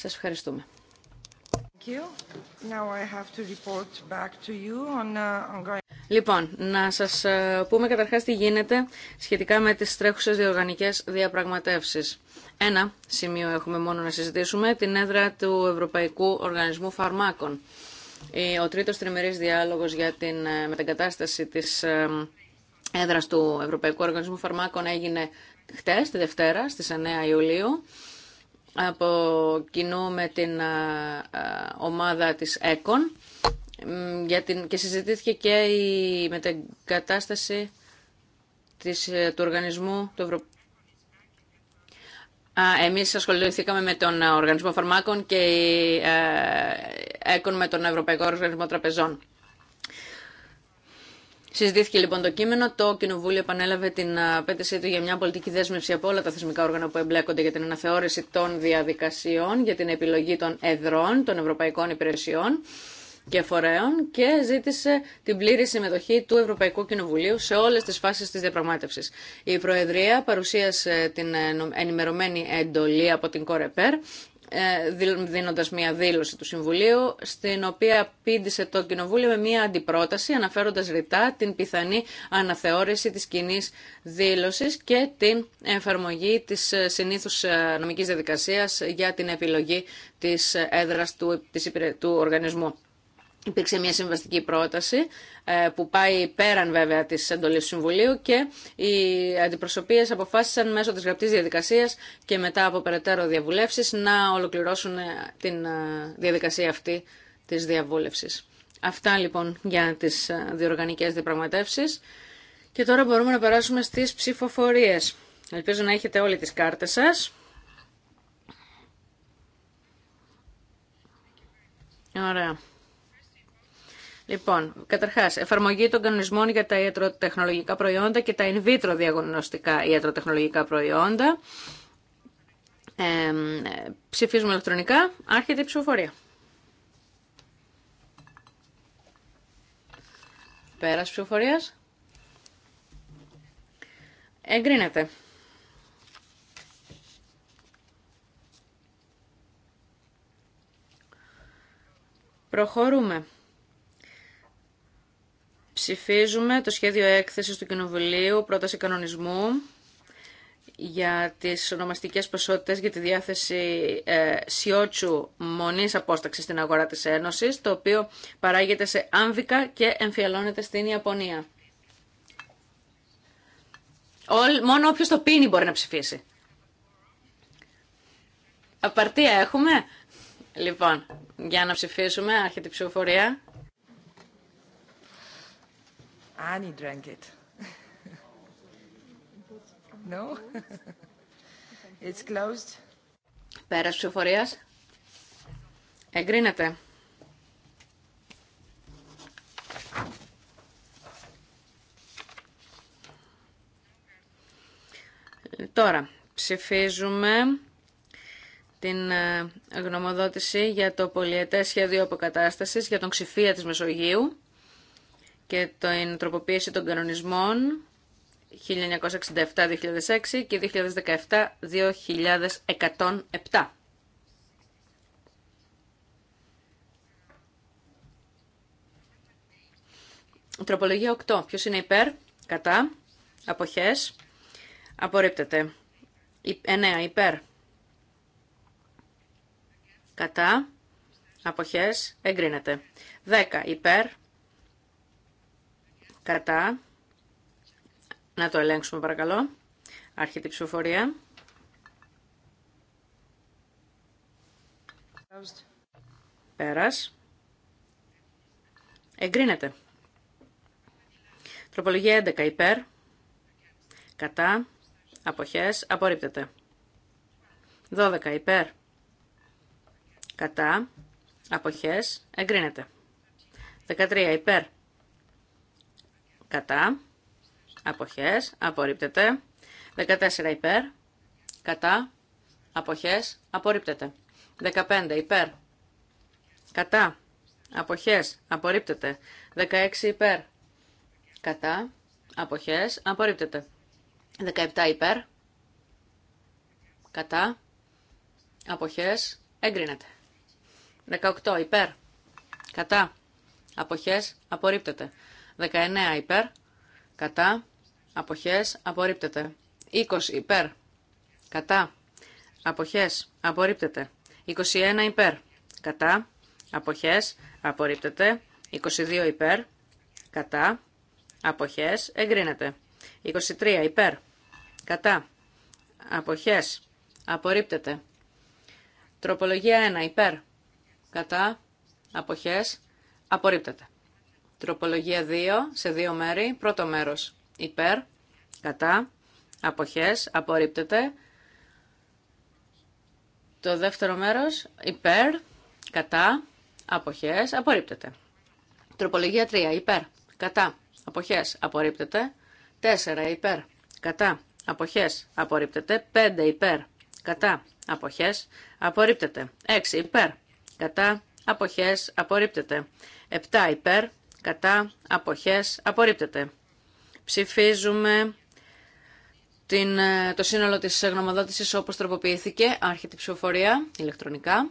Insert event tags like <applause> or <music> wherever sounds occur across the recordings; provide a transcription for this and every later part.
Σας ευχαριστούμε. Λοιπόν, να σας ε, πούμε καταρχάς τι γίνεται σχετικά με τις τρέχουσες διοργανικές διαπραγματεύσεις. Ένα σημείο έχουμε μόνο να συζητήσουμε, την έδρα του Ευρωπαϊκού Οργανισμού Φαρμάκων. Ο τρίτος τριμερής διάλογος για την ε, μεταγκατάσταση της ε, έδρας του Ευρωπαϊκού Οργανισμού Φαρμάκων έγινε χτες, τη Δευτέρα, στις 9 Ιουλίου από κοινού με την ε, ε, ομάδα της ΕΚΟΝ για την, και συζητήθηκε και η κατάσταση της, ε, του οργανισμού του Ευρωπαϊκού. Εμείς ασχοληθήκαμε με τον Οργανισμό Φαρμάκων και η ΕΚΟΝ με τον Ευρωπαϊκό Οργανισμό Τραπεζών. Συζητήθηκε λοιπόν το κείμενο. Το Κοινοβούλιο επανέλαβε την απέτησή του για μια πολιτική δέσμευση από όλα τα θεσμικά όργανα που εμπλέκονται για την αναθεώρηση των διαδικασιών, για την επιλογή των εδρών των Ευρωπαϊκών Υπηρεσιών και Φορέων και ζήτησε την πλήρη συμμετοχή του Ευρωπαϊκού Κοινοβουλίου σε όλες τις φάσεις της διαπραγμάτευσης. Η Προεδρία παρουσίασε την ε, ενημερωμένη εντολή από την ΚΟΡΕΠΕΡ ε, δίνοντας μια δήλωση του Συμβουλίου στην οποία πήντησε το Κοινοβούλιο με μια αντιπρόταση αναφέροντας ρητά την πιθανή αναθεώρηση της κοινή δήλωσης και την εφαρμογή της ε, συνήθους ε, νομικής διαδικασίας για την επιλογή της έδρας του, του οργανισμού. Υπήρξε μια συμβαστική πρόταση ε, που πάει πέραν βέβαια της εντολής του Συμβουλίου και οι αντιπροσωπείες αποφάσισαν μέσω της γραπτής διαδικασίας και μετά από περαιτέρω διαβουλεύσεις να ολοκληρώσουν ε, την ε, διαδικασία αυτή της διαβούλευσης. Αυτά λοιπόν για τις διοργανικές διαπραγματεύσεις και τώρα μπορούμε να περάσουμε στις ψηφοφορίες. Ελπίζω να έχετε όλοι τις κάρτες σας. Ωραία. Λοιπόν, καταρχά, εφαρμογή των κανονισμών για τα ιατροτεχνολογικά προϊόντα και τα in vitro διαγνωστικά ιατροτεχνολογικά προϊόντα. Ε, ψηφίζουμε ηλεκτρονικά. Άρχεται η ψηφοφορία. Πέρας ψηφοφορία. Εγκρίνεται. Προχωρούμε. Ψηφίζουμε το σχέδιο έκθεσης του Κοινοβουλίου, πρόταση κανονισμού για τις ονομαστικές ποσότητες για τη διάθεση ε, σιότσου μονής απόσταξης στην αγορά της Ένωσης, το οποίο παράγεται σε άμβικα και εμφιαλώνεται στην Ιαπωνία. Ο, μόνο όποιος το πίνει μπορεί να ψηφίσει. Απαρτία έχουμε. Λοιπόν, για να ψηφίσουμε, άρχεται η ψηφοφορία. Annie drank it. No? It's closed. Πέρας ψηφοφορίας. Εγκρίνεται. Τώρα, ψηφίζουμε την ε, γνωμοδότηση για το πολιετές σχέδιο αποκατάστασης για τον ξηφία της Μεσογείου και την τροποποίηση των κανονισμών 1967-2006 και 2017-2107. Τροπολογία 8. Ποιος είναι υπέρ, κατά, αποχές, απορρίπτεται. 9. Υπέρ, κατά, αποχές, εγκρίνεται. 10. Υπέρ, κατά. Να το ελέγξουμε παρακαλώ. Άρχεται η ψηφοφορία. Πέρας. Εγκρίνεται. Τροπολογία 11 υπέρ. Κατά. Αποχές. Απορρίπτεται. 12 υπέρ. Κατά. Αποχές. Εγκρίνεται. 13 υπέρ κατά, αποχές, απορρίπτεται. 14 υπέρ, κατά, αποχές, απορρίπτεται. 15 υπέρ, κατά, αποχές, απορρίπτεται. 16 υπέρ, κατά, αποχές, απορρίπτεται. 17 υπέρ, κατά, αποχές, εγκρίνεται. 18 υπέρ, κατά, αποχές, απορρίπτεται. 19 υπέρ, κατά, αποχές, απορρίπτεται. 20 υπέρ, κατά, αποχές, απορρίπτεται. 21 υπέρ, κατά, αποχές, απορρίπτεται. 22 υπέρ, κατά, αποχές, εγκρίνεται. 23 υπέρ, κατά, αποχές, απορρίπτεται. Τροπολογία 1 υπέρ, κατά, αποχές, απορρίπτεται. Τροπολογία 2 σε δύο μέρη. Πρώτο μέρος υπέρ, κατά, αποχές, απορρίπτεται. Το δεύτερο μέρος υπέρ, κατά, αποχές, απορρίπτεται. Τροπολογία 3 υπέρ, κατά, αποχές, απορρίπτεται. 4 υπέρ, κατά, αποχές, απορρίπτεται. 5 υπέρ, κατά, αποχές, απορρίπτεται. 6 υπέρ, κατά, αποχές, απορρίπτεται. 7 υπέρ, κατά, αποχές, απορρίπτεται. Ψηφίζουμε την, ε, το σύνολο της γνωμοδότησης όπως τροποποιήθηκε, άρχεται η ψηφοφορία, ηλεκτρονικά.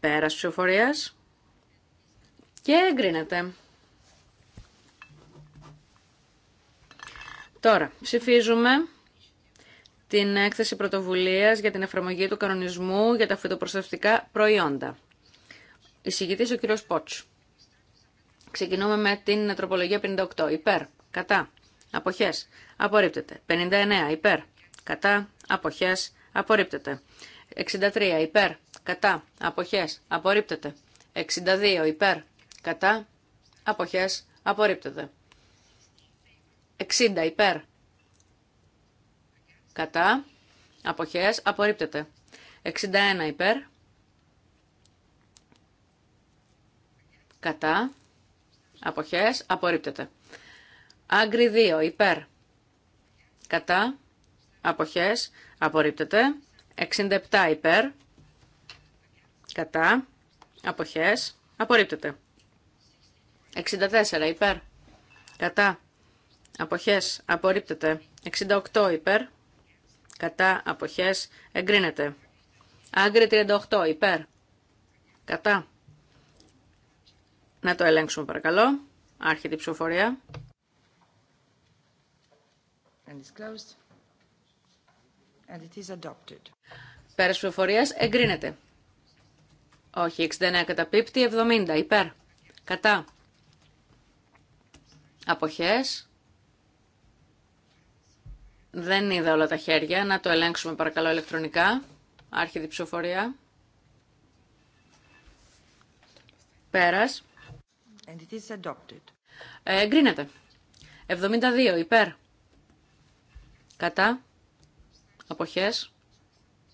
Πέρας ψηφοφορίας και εγκρίνεται. Τώρα, ψηφίζουμε την έκθεση πρωτοβουλίας για την εφαρμογή του κανονισμού για τα φυτοπροστατευτικά προϊόντα εισηγητή ο κύριο Πότσου. Ξεκινούμε με την τροπολογία 58. Υπέρ. Κατά. αποχέ. Απορρίπτεται. 59. Υπέρ. Κατά. Αποχέ. Απορρίπτεται. 63. Υπέρ. Κατά. απόχέ, Απορρίπτεται. 62. Υπέρ. Κατά. απόχέ, Απορρίπτεται. 60. Υπέρ. Κατά. αποχέ, Απορρίπτεται. 61. Υπέρ. κατά, αποχές, απορρίπτεται. Άγκρι 2, υπέρ, κατά, αποχές, απορρίπτεται. 67 υπέρ, κατά, αποχές, απορρίπτεται. 64 υπέρ, κατά, αποχές, απορρίπτεται. 68 υπέρ, κατά, αποχές, εγκρίνεται. Άγκρι 38 υπέρ, κατά, να το ελέγξουμε παρακαλώ. Άρχεται η ψηφοφορία. And Πέρας ψηφοφορίας εγκρίνεται. Όχι, 69 καταπίπτει, 70 υπέρ. Κατά. Αποχές. Δεν είδα όλα τα χέρια. Να το ελέγξουμε παρακαλώ ηλεκτρονικά. Άρχιδη ψηφοφορία. Πέρας. And ε, εγκρίνεται. 72 υπέρ. Κατά. Αποχές.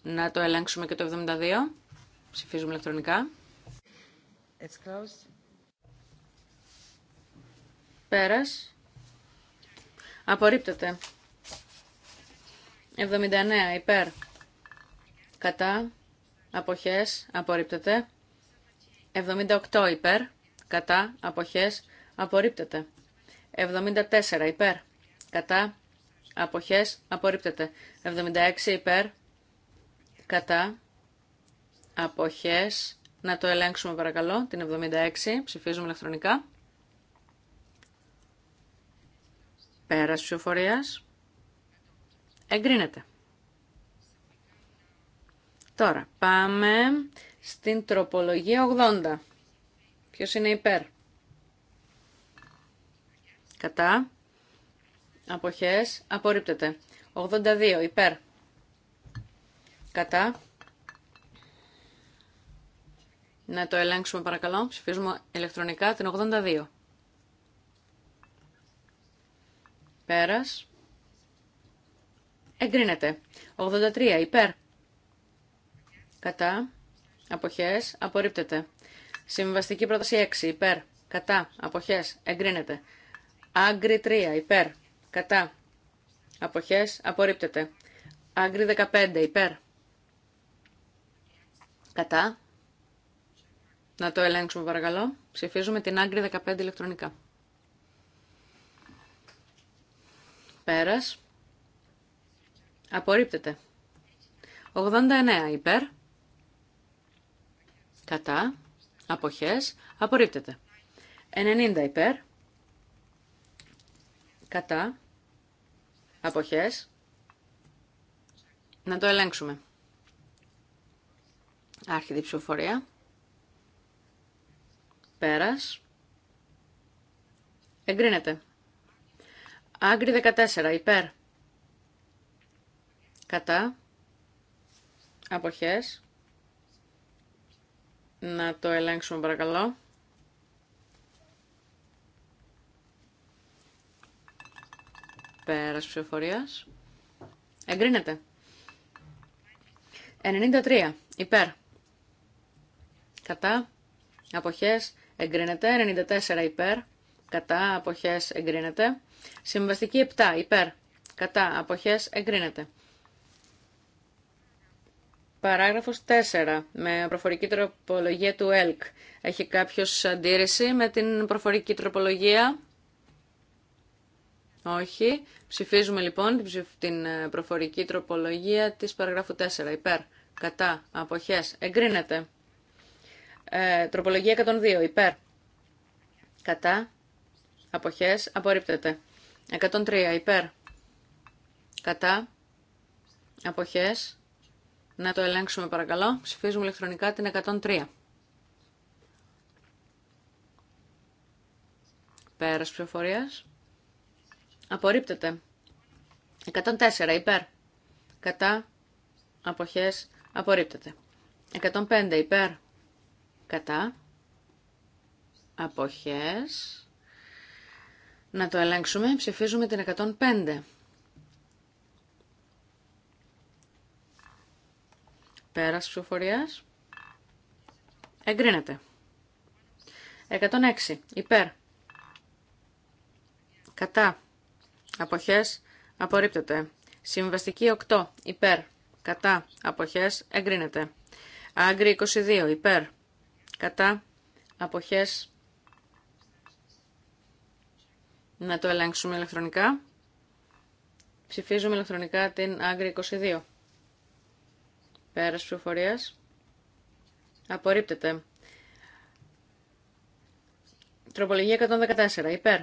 Να το ελέγξουμε και το 72. Ψηφίζουμε ηλεκτρονικά. It's Πέρας. Απορρίπτεται. 79 υπέρ. Κατά. Αποχές. Απορρίπτεται. 78 υπέρ κατά, αποχές, απορρίπτεται. 74 υπέρ, κατά, αποχές, απορρίπτεται. 76 υπέρ, κατά, αποχές, να το ελέγξουμε παρακαλώ, την 76, ψηφίζουμε ηλεκτρονικά. Πέρας ψηφοφορίας, εγκρίνεται. Τώρα, πάμε στην τροπολογία 80. Ποιος είναι υπέρ. Κατά. Αποχές. Απορρίπτεται. 82. Υπέρ. Κατά. Να το ελέγξουμε παρακαλώ. Ψηφίζουμε ηλεκτρονικά την 82. Πέρας. Εγκρίνεται. 83. Υπέρ. Κατά. Αποχές. Απορρίπτεται. Συμβαστική πρόταση 6 υπέρ. Κατά. αποχέ, Εγκρίνεται. Άγκρι 3 υπέρ. Κατά. αποχέ, Απορρίπτεται. Άγκρι 15 υπέρ. Κατά. Να το ελέγξουμε παρακαλώ. Ψηφίζουμε την άγκρι 15 ηλεκτρονικά. Πέρας. Απορρίπτεται. 89 υπέρ. Κατά αποχές, απορρίπτεται. 90 υπέρ, κατά, αποχές, να το ελέγξουμε. Άρχιδη ψηφοφορία, πέρας, εγκρίνεται. Άγκρι 14 υπέρ, κατά, αποχές, να το ελέγξουμε παρακαλώ. Πέρας ψηφοφορίας. Εγκρίνεται. 93. Υπέρ. Κατά. Αποχές. Εγκρίνεται. 94. Υπέρ. Κατά. Αποχές. Εγκρίνεται. Συμβαστική 7. Υπέρ. Κατά. Αποχές. Εγκρίνεται. Παράγραφος 4. Με προφορική τροπολογία του ΕΛΚ. Έχει κάποιος αντίρρηση με την προφορική τροπολογία. Όχι. Ψηφίζουμε λοιπόν την ε, προφορική τροπολογία της παραγράφου 4. Υπέρ. Κατά. Αποχές. Εγκρίνεται. Ε, τροπολογία 102. Υπέρ. Κατά. Αποχές. Απορρίπτεται. 103. Υπέρ. Κατά. Αποχές. Να το ελέγξουμε παρακαλώ. Ψηφίζουμε ηλεκτρονικά την 103. Πέρας ψηφοφορίας. Απορρίπτεται. 104 υπέρ. Κατά. Αποχές. Απορρίπτεται. 105 υπέρ. Κατά. Αποχές. Να το ελέγξουμε. Ψηφίζουμε την 105. Πέρας ψηφοφορίας. Εγκρίνεται. 106. Υπέρ. Κατά. Αποχές. Απορρίπτεται. Συμβαστική 8. Υπέρ. Κατά. Αποχές. Εγκρίνεται. Άγκρι 22. Υπέρ. Κατά. Αποχές. Να το ελέγξουμε ηλεκτρονικά. Ψηφίζουμε ηλεκτρονικά την Άγκρι 22. Πέρας πληροφορίας. Απορρίπτεται. Τροπολογία 114. Υπέρ.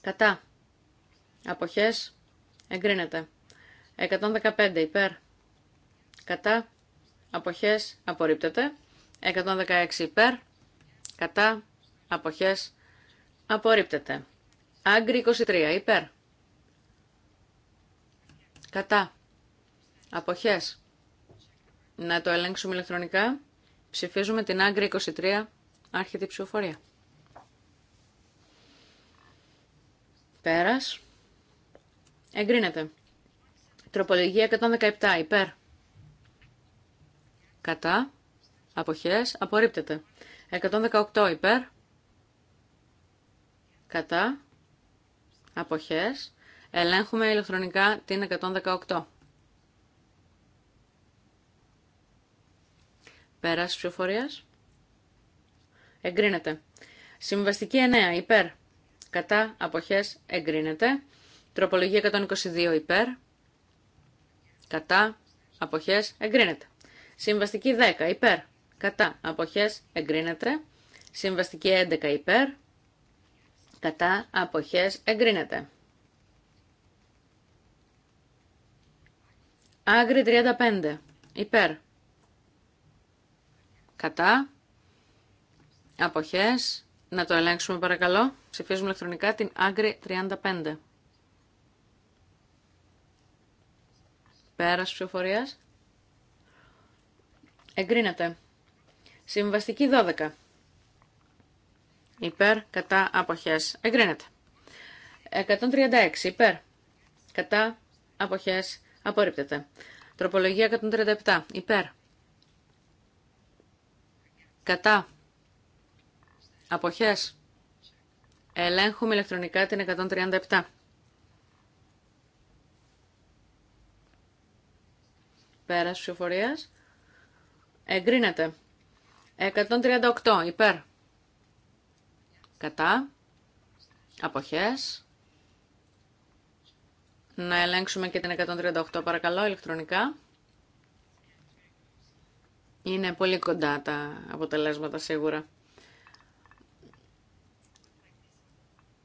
Κατά. Αποχές. Εγκρίνεται. 115. Υπέρ. Κατά. Αποχές. Απορρίπτεται. 116. Υπέρ. Κατά. Αποχές. Απορρίπτεται. Άγκρι 23. Υπέρ. Κατά. Αποχές. Να το ελέγξουμε ηλεκτρονικά. Ψηφίζουμε την Άγκρη 23, άρχεται η ψηφοφορία. Πέρας. Εγκρίνεται. Τροπολογία 117, υπέρ. Κατά. Αποχές. Απορρίπτεται. 118, υπέρ. Κατά. Αποχές. Ελέγχουμε ηλεκτρονικά την 118. Πέρας ψηφοφορίας. Εγκρίνεται. Συμβαστική 9 υπέρ. Κατά αποχές εγκρίνεται. Τροπολογία 122 υπέρ. Κατά αποχές εγκρίνεται. Συμβαστική 10 υπέρ. Κατά αποχές εγκρίνεται. Συμβαστική 11 υπέρ. Κατά αποχές εγκρίνεται. Άγρι 35 υπέρ κατά, αποχές, να το ελέγξουμε παρακαλώ. Ψηφίζουμε ηλεκτρονικά την Άγκρη 35. Πέρας ψηφοφορίας. Εγκρίνεται. Συμβαστική 12. Υπέρ, κατά, αποχές. Εγκρίνεται. 136. Υπέρ, κατά, αποχές. Απορρίπτεται. Τροπολογία 137. Υπέρ, Κατά. Αποχές. Ελέγχουμε ηλεκτρονικά την 137. Πέρας ψηφοφορίας. Εγκρίνεται. 138. Υπέρ. Κατά. Αποχές. Να ελέγξουμε και την 138 παρακαλώ ηλεκτρονικά. Είναι πολύ κοντά τα αποτελέσματα σίγουρα.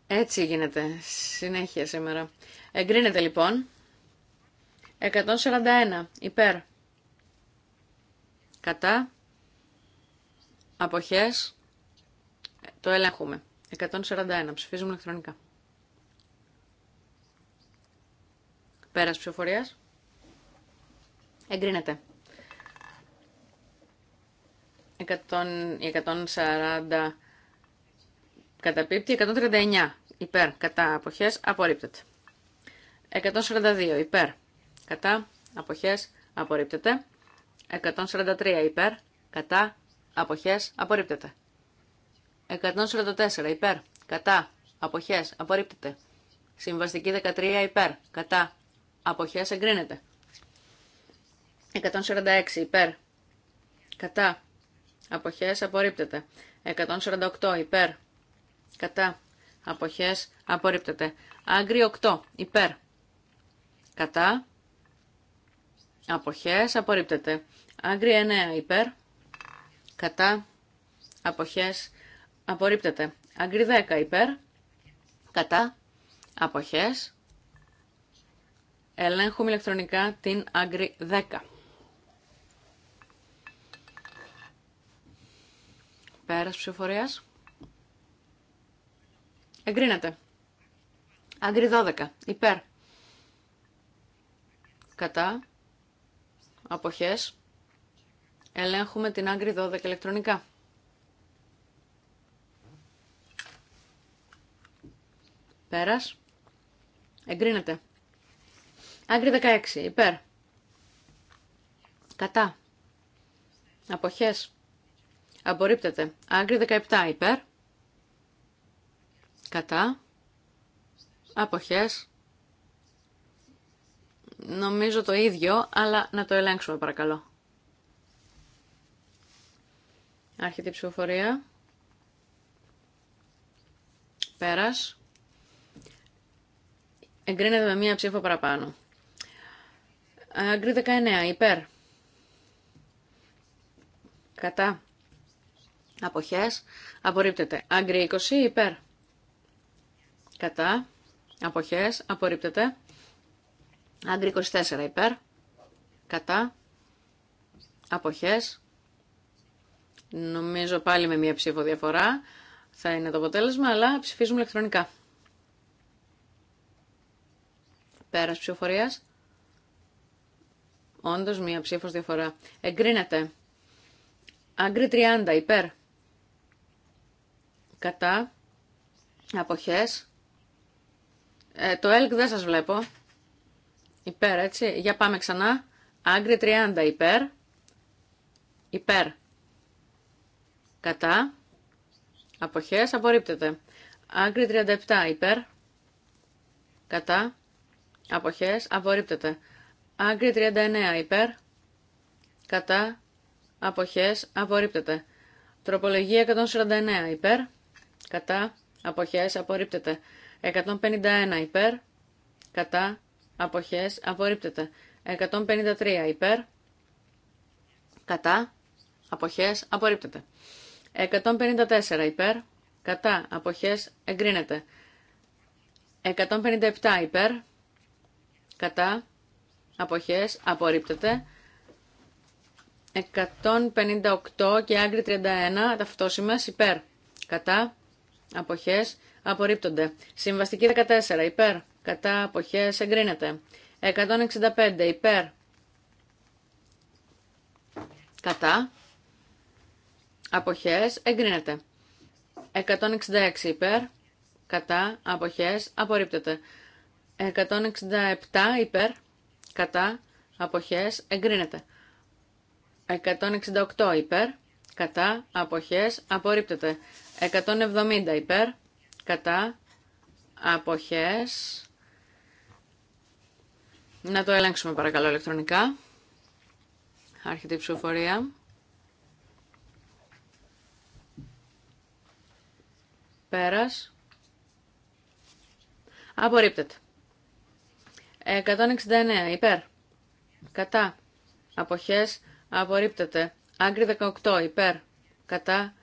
Έτσι γίνεται συνέχεια σήμερα. Εγκρίνεται λοιπόν. 141 υπέρ. Κατά. Αποχές. Το ελέγχουμε. 141. Ψηφίζουμε ηλεκτρονικά. Πέρας ψηφοφορίας. Εγκρίνεται. 140 καταπίπτει, 139 υπέρ, κατά αποχές, απορρίπτεται. 142 υπέρ, κατά αποχές, απορρίπτεται. 143 υπέρ, κατά αποχές, απορρίπτεται. 144 υπέρ, κατά αποχές, απορρίπτεται. Συμβαστική 13 υπέρ, κατά αποχές, εγκρίνεται. 146 υπέρ, κατά αποχές απορρίπτεται. 148 υπέρ, κατά, αποχές απορρίπτεται. Άγκρι 8 υπέρ, κατά, αποχές απορρίπτεται. Άγκρι 9 υπέρ, κατά, αποχές απορρίπτεται. Άγκρι 10 υπέρ, κατά, αποχές Ελέγχουμε ηλεκτρονικά την Άγκρι 10. Πέρας ψηφοφορίας. Εγκρίνεται. Άγκρι 12. Υπέρ. Κατά. Αποχές. Ελέγχουμε την άγκρι 12 ηλεκτρονικά. Πέρας. Εγκρίνεται. Άγκρι 16. Υπέρ. Κατά. Αποχές. Απορρίπτεται. Άγκρι 17 υπέρ. Κατά. Αποχές. Νομίζω το ίδιο, αλλά να το ελέγξουμε παρακαλώ. Άρχεται η ψηφοφορία. Πέρας. Εγκρίνεται με μία ψήφο παραπάνω. Άγκρι 19 υπέρ. Κατά. Αποχές. Απορρίπτεται. Άγκρι 20 υπέρ. Κατά. Αποχές. Απορρίπτεται. Άγκρι 24 υπέρ. Κατά. Αποχές. Νομίζω πάλι με μία ψήφο διαφορά θα είναι το αποτέλεσμα, αλλά ψηφίζουμε ηλεκτρονικά. Πέρας ψηφοφορίας. Όντως μία ψήφος διαφορά. Εγκρίνεται. Άγκρι 30 υπέρ κατά, αποχές. Ε, το ΕΛΚ δεν σας βλέπω. Υπέρ, έτσι. Για πάμε ξανά. Άγκρι 30 υπέρ. Υπέρ. Κατά. Αποχές απορρίπτεται. Άγκρι 37 υπέρ. Κατά. Αποχές απορρίπτεται. Άγκρι 39 υπέρ. Κατά. Αποχές απορρίπτεται. Τροπολογία 149 υπέρ κατά, αποχές, απορρίπτεται. 151 υπέρ, κατά, αποχές, απορρίπτεται. 153 υπέρ, κατά, αποχές, απορρίπτεται. 154 υπέρ, κατά, αποχές, εγκρίνεται. 157 υπέρ, κατά, αποχές, απορρίπτεται. 158 και άγκρι 31 ταυτόσημες υπέρ, κατά, αποχές απορρίπτονται. Συμβαστική 14 υπέρ, κατά αποχέ, εγκρίνεται. 165 υπέρ, κατά απόχέ, εγκρίνεται. 166 υπέρ, κατά αποχέ, απορρίπτεται. 167 υπέρ, κατά απόχέ, εγκρίνεται. 168 υπέρ, κατά αποχέ, απορρίπτεται. 170 υπέρ, κατά, αποχές. Να το ελέγξουμε παρακαλώ ηλεκτρονικά. Άρχεται η ψηφοφορία. Πέρας. Απορρίπτεται. 169 υπέρ. Κατά. Αποχές. Απορρίπτεται. Άγκρι 18 υπέρ. Κατά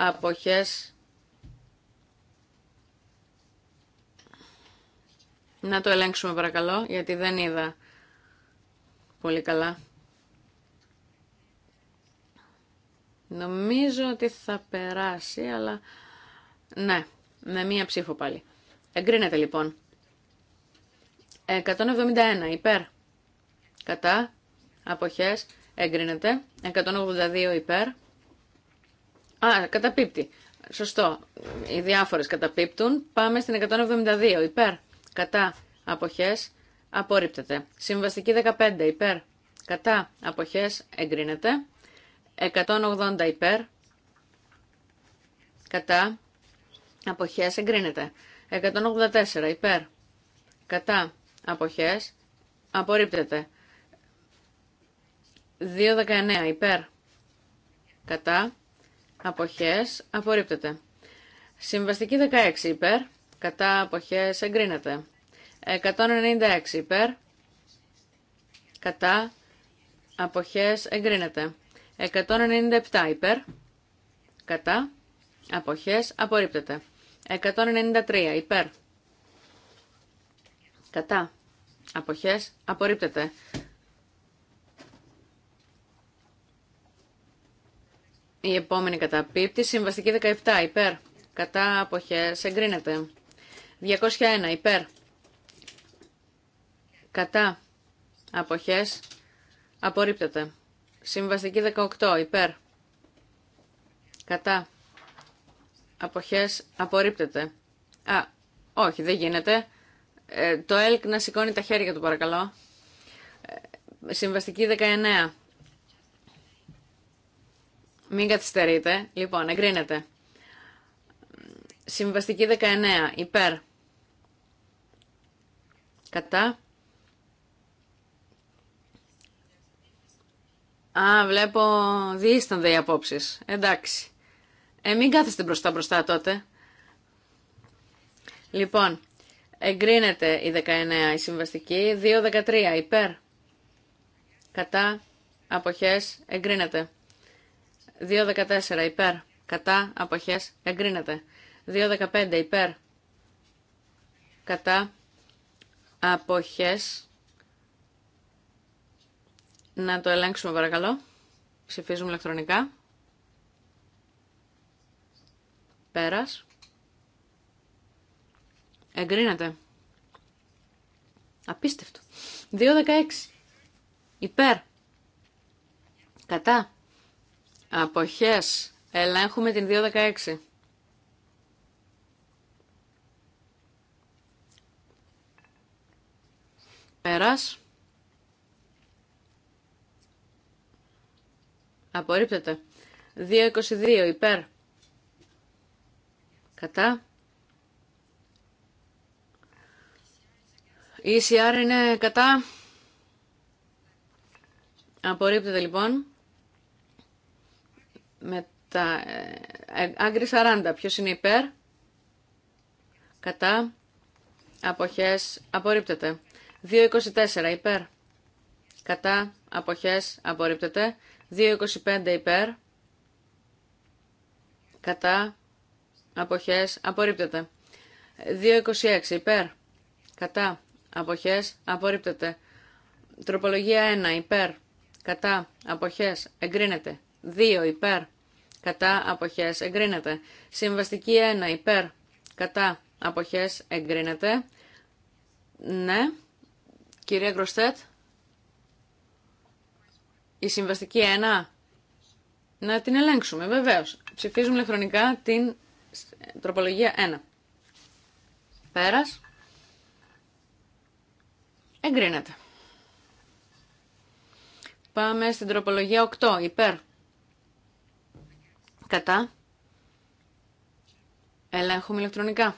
αποχές Να το ελέγξουμε παρακαλώ, γιατί δεν είδα πολύ καλά. Νομίζω ότι θα περάσει, αλλά ναι, με μία ψήφο πάλι. Εγκρίνεται λοιπόν. 171 υπέρ. Κατά. Αποχές. Εγκρίνεται. 182 υπέρ. Α, καταπίπτει. Σωστό. Οι διάφορες καταπίπτουν. Πάμε στην 172. Υπέρ. Κατά. Αποχές. Απορρίπτεται. Συμβαστική 15. Υπέρ. Κατά. Αποχές. Εγκρίνεται. 180. Υπέρ. Κατά. Αποχές. Εγκρίνεται. 184. Υπέρ. Κατά. Αποχές. Απορρίπτεται. 219. Υπέρ. Κατά αποχές απορρίπτεται. Συμβαστική 16 υπέρ, κατά αποχές εγκρίνεται. 196 υπέρ, κατά αποχές εγκρίνεται. 197 υπέρ, κατά αποχές απορρίπτεται. 193 υπέρ, κατά αποχές απορρίπτεται. Η επόμενη καταπίπτει. Συμβαστική 17 υπέρ. Κατά αποχές εγκρίνεται. 201 υπέρ. Κατά αποχές απορρίπτεται. Συμβαστική 18 υπέρ. Κατά αποχές απορρίπτεται. Α, όχι, δεν γίνεται. Ε, το ΕΛΚ να σηκώνει τα χέρια του παρακαλώ. Ε, συμβαστική 19 μην καθυστερείτε. Λοιπόν, εγκρίνεται. Συμβαστική 19. Υπέρ. Κατά. Α, βλέπω διήστανται οι απόψεις. Εντάξει. Ε, μην κάθεστε μπροστά μπροστά τότε. Λοιπόν, εγκρίνεται η 19 η συμβαστική. 2-13 υπέρ. Κατά. Αποχές. Εγκρίνεται. 2.14 υπέρ. Κατά αποχές εγκρίνεται. 2.15 υπέρ. Κατά αποχές. Να το ελέγξουμε παρακαλώ. Ψηφίζουμε ηλεκτρονικά. Πέρας. Εγκρίνεται. Απίστευτο. 2.16. Υπέρ. Κατά. Αποχές. Ελέγχουμε την 216. Πέρας. Απορρίπτεται. 2.22 υπέρ. Κατά. Η ECR είναι κατά. Απορρίπτεται λοιπόν με τα ε, ε, άγκρι 40. Ποιος είναι υπέρ, κατά, αποχές, απορρίπτεται. 2.24 υπέρ, κατά, αποχές, απορρίπτεται. 2.25 υπέρ, κατά, αποχές, απορρίπτεται. 2.26 υπέρ, κατά, αποχές, απορρίπτεται. Τροπολογία 1 υπέρ, κατά, αποχές, εγκρίνεται. 2 υπέρ κατά αποχές εγκρίνεται. Συμβαστική 1 υπέρ κατά αποχές εγκρίνεται. Ναι. Κυρία Γκροστέτ. Η συμβαστική 1. Να την ελέγξουμε βεβαίως. Ψηφίζουμε ηλεκτρονικά την τροπολογία 1. Πέρας. Εγκρίνεται. Πάμε στην τροπολογία 8 υπέρ Κατά. Ελέγχουμε ηλεκτρονικά.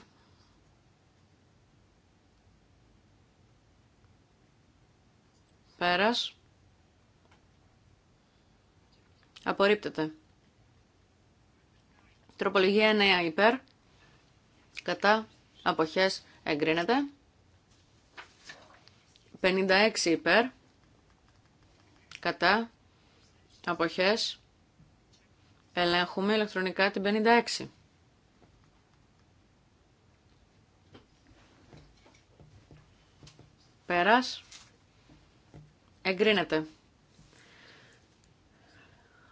Πέρας. Απορρίπτεται. Τροπολογία 9 υπέρ. Κατά. Αποχές εγκρίνεται. 56 υπέρ. Κατά. Αποχές Ελέγχουμε ηλεκτρονικά την 56. Πέρας. Εγκρίνεται.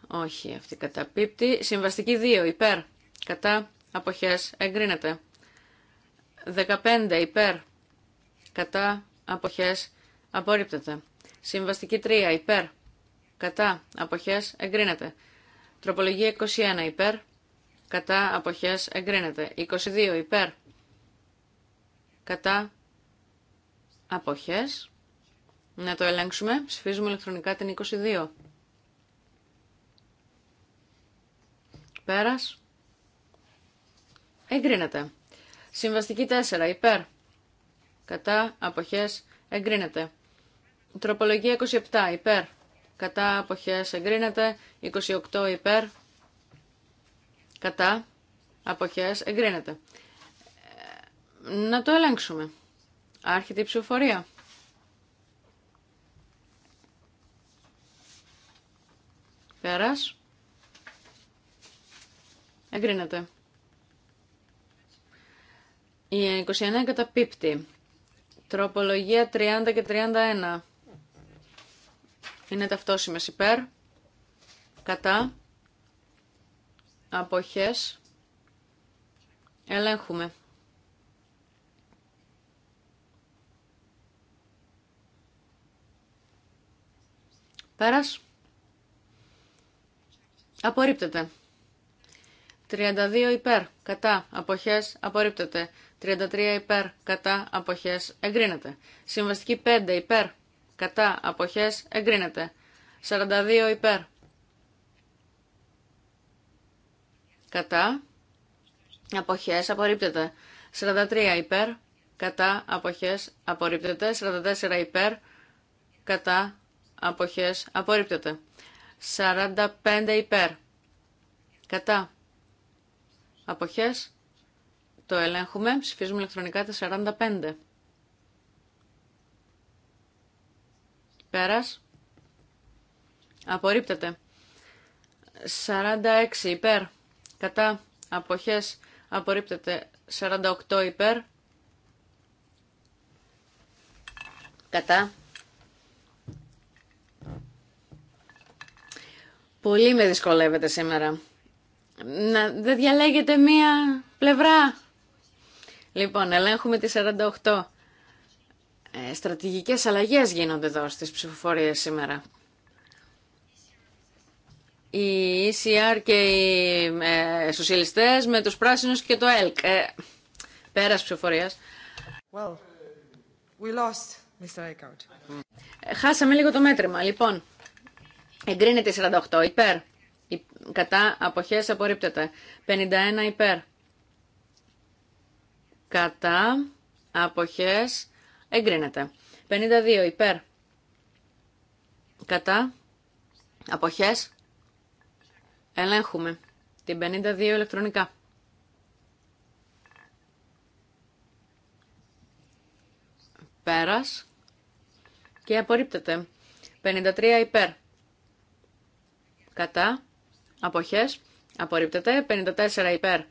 Όχι, αυτή καταπίπτει. Συμβαστική 2, υπέρ. Κατά αποχές, εγκρίνεται. 15, υπέρ. Κατά αποχές, απορρίπτεται. Συμβαστική 3, υπέρ. Κατά αποχές, εγκρίνεται. Τροπολογία 21 υπέρ. Κατά αποχές εγκρίνεται. 22 υπέρ. Κατά αποχές. Να το ελέγξουμε. Ψηφίζουμε ηλεκτρονικά την 22. Πέρας. Εγκρίνεται. Συμβαστική 4 υπέρ. Κατά αποχές εγκρίνεται. Τροπολογία 27 υπέρ κατά αποχές εγκρίνεται, 28 υπέρ, κατά αποχές εγκρίνεται. Ε, να το ελέγξουμε. Άρχεται η ψηφοφορία. Πέρας. Εγκρίνεται. Η 29 καταπίπτει. Τροπολογία 30 και 31 είναι ταυτόσιμες υπέρ, κατά, αποχές, ελέγχουμε. Πέρας. Απορρίπτεται. 32 υπέρ, κατά, αποχές, απορρίπτεται. 33 υπέρ, κατά, αποχές, εγκρίνεται. Συμβαστική 5 υπέρ, κατά αποχές εγκρίνεται. 42 υπέρ. Κατά αποχές απορρίπτεται. 43 υπέρ. Κατά αποχές απορρίπτεται. 44 υπέρ. Κατά αποχές απορρίπτεται. 45 υπέρ. Κατά αποχές το ελέγχουμε. Ψηφίζουμε ηλεκτρονικά τα 45. Πέρας. Απορρίπτεται. 46 υπέρ. Κατά. Αποχές. Απορρίπτεται. 48 υπέρ. Κατά. Πολύ με δύσκολευετε σήμερα. Να, δεν διαλέγετε μία πλευρά. Λοιπόν, ελέγχουμε τη 48. Ε, στρατηγικές αλλαγές γίνονται εδώ στις ψηφοφορίες σήμερα. Οι ECR και οι ε, σοσιαλιστές με τους πράσινους και το ΕΛΚ. Ε, πέρας ψηφοφορίας. Well, we lost, Mr. Ε, χάσαμε λίγο το μέτρημα. Λοιπόν, εγκρίνεται 48 υπέρ. Κατά αποχές απορρίπτεται. 51 υπέρ. Κατά αποχές Εγκρίνεται. 52 υπέρ. Κατά. Αποχές. Ελέγχουμε. Την 52 ηλεκτρονικά. Πέρας. Και απορρίπτεται. 53 υπέρ. Κατά. Αποχές. Απορρίπτεται. 54 υπέρ.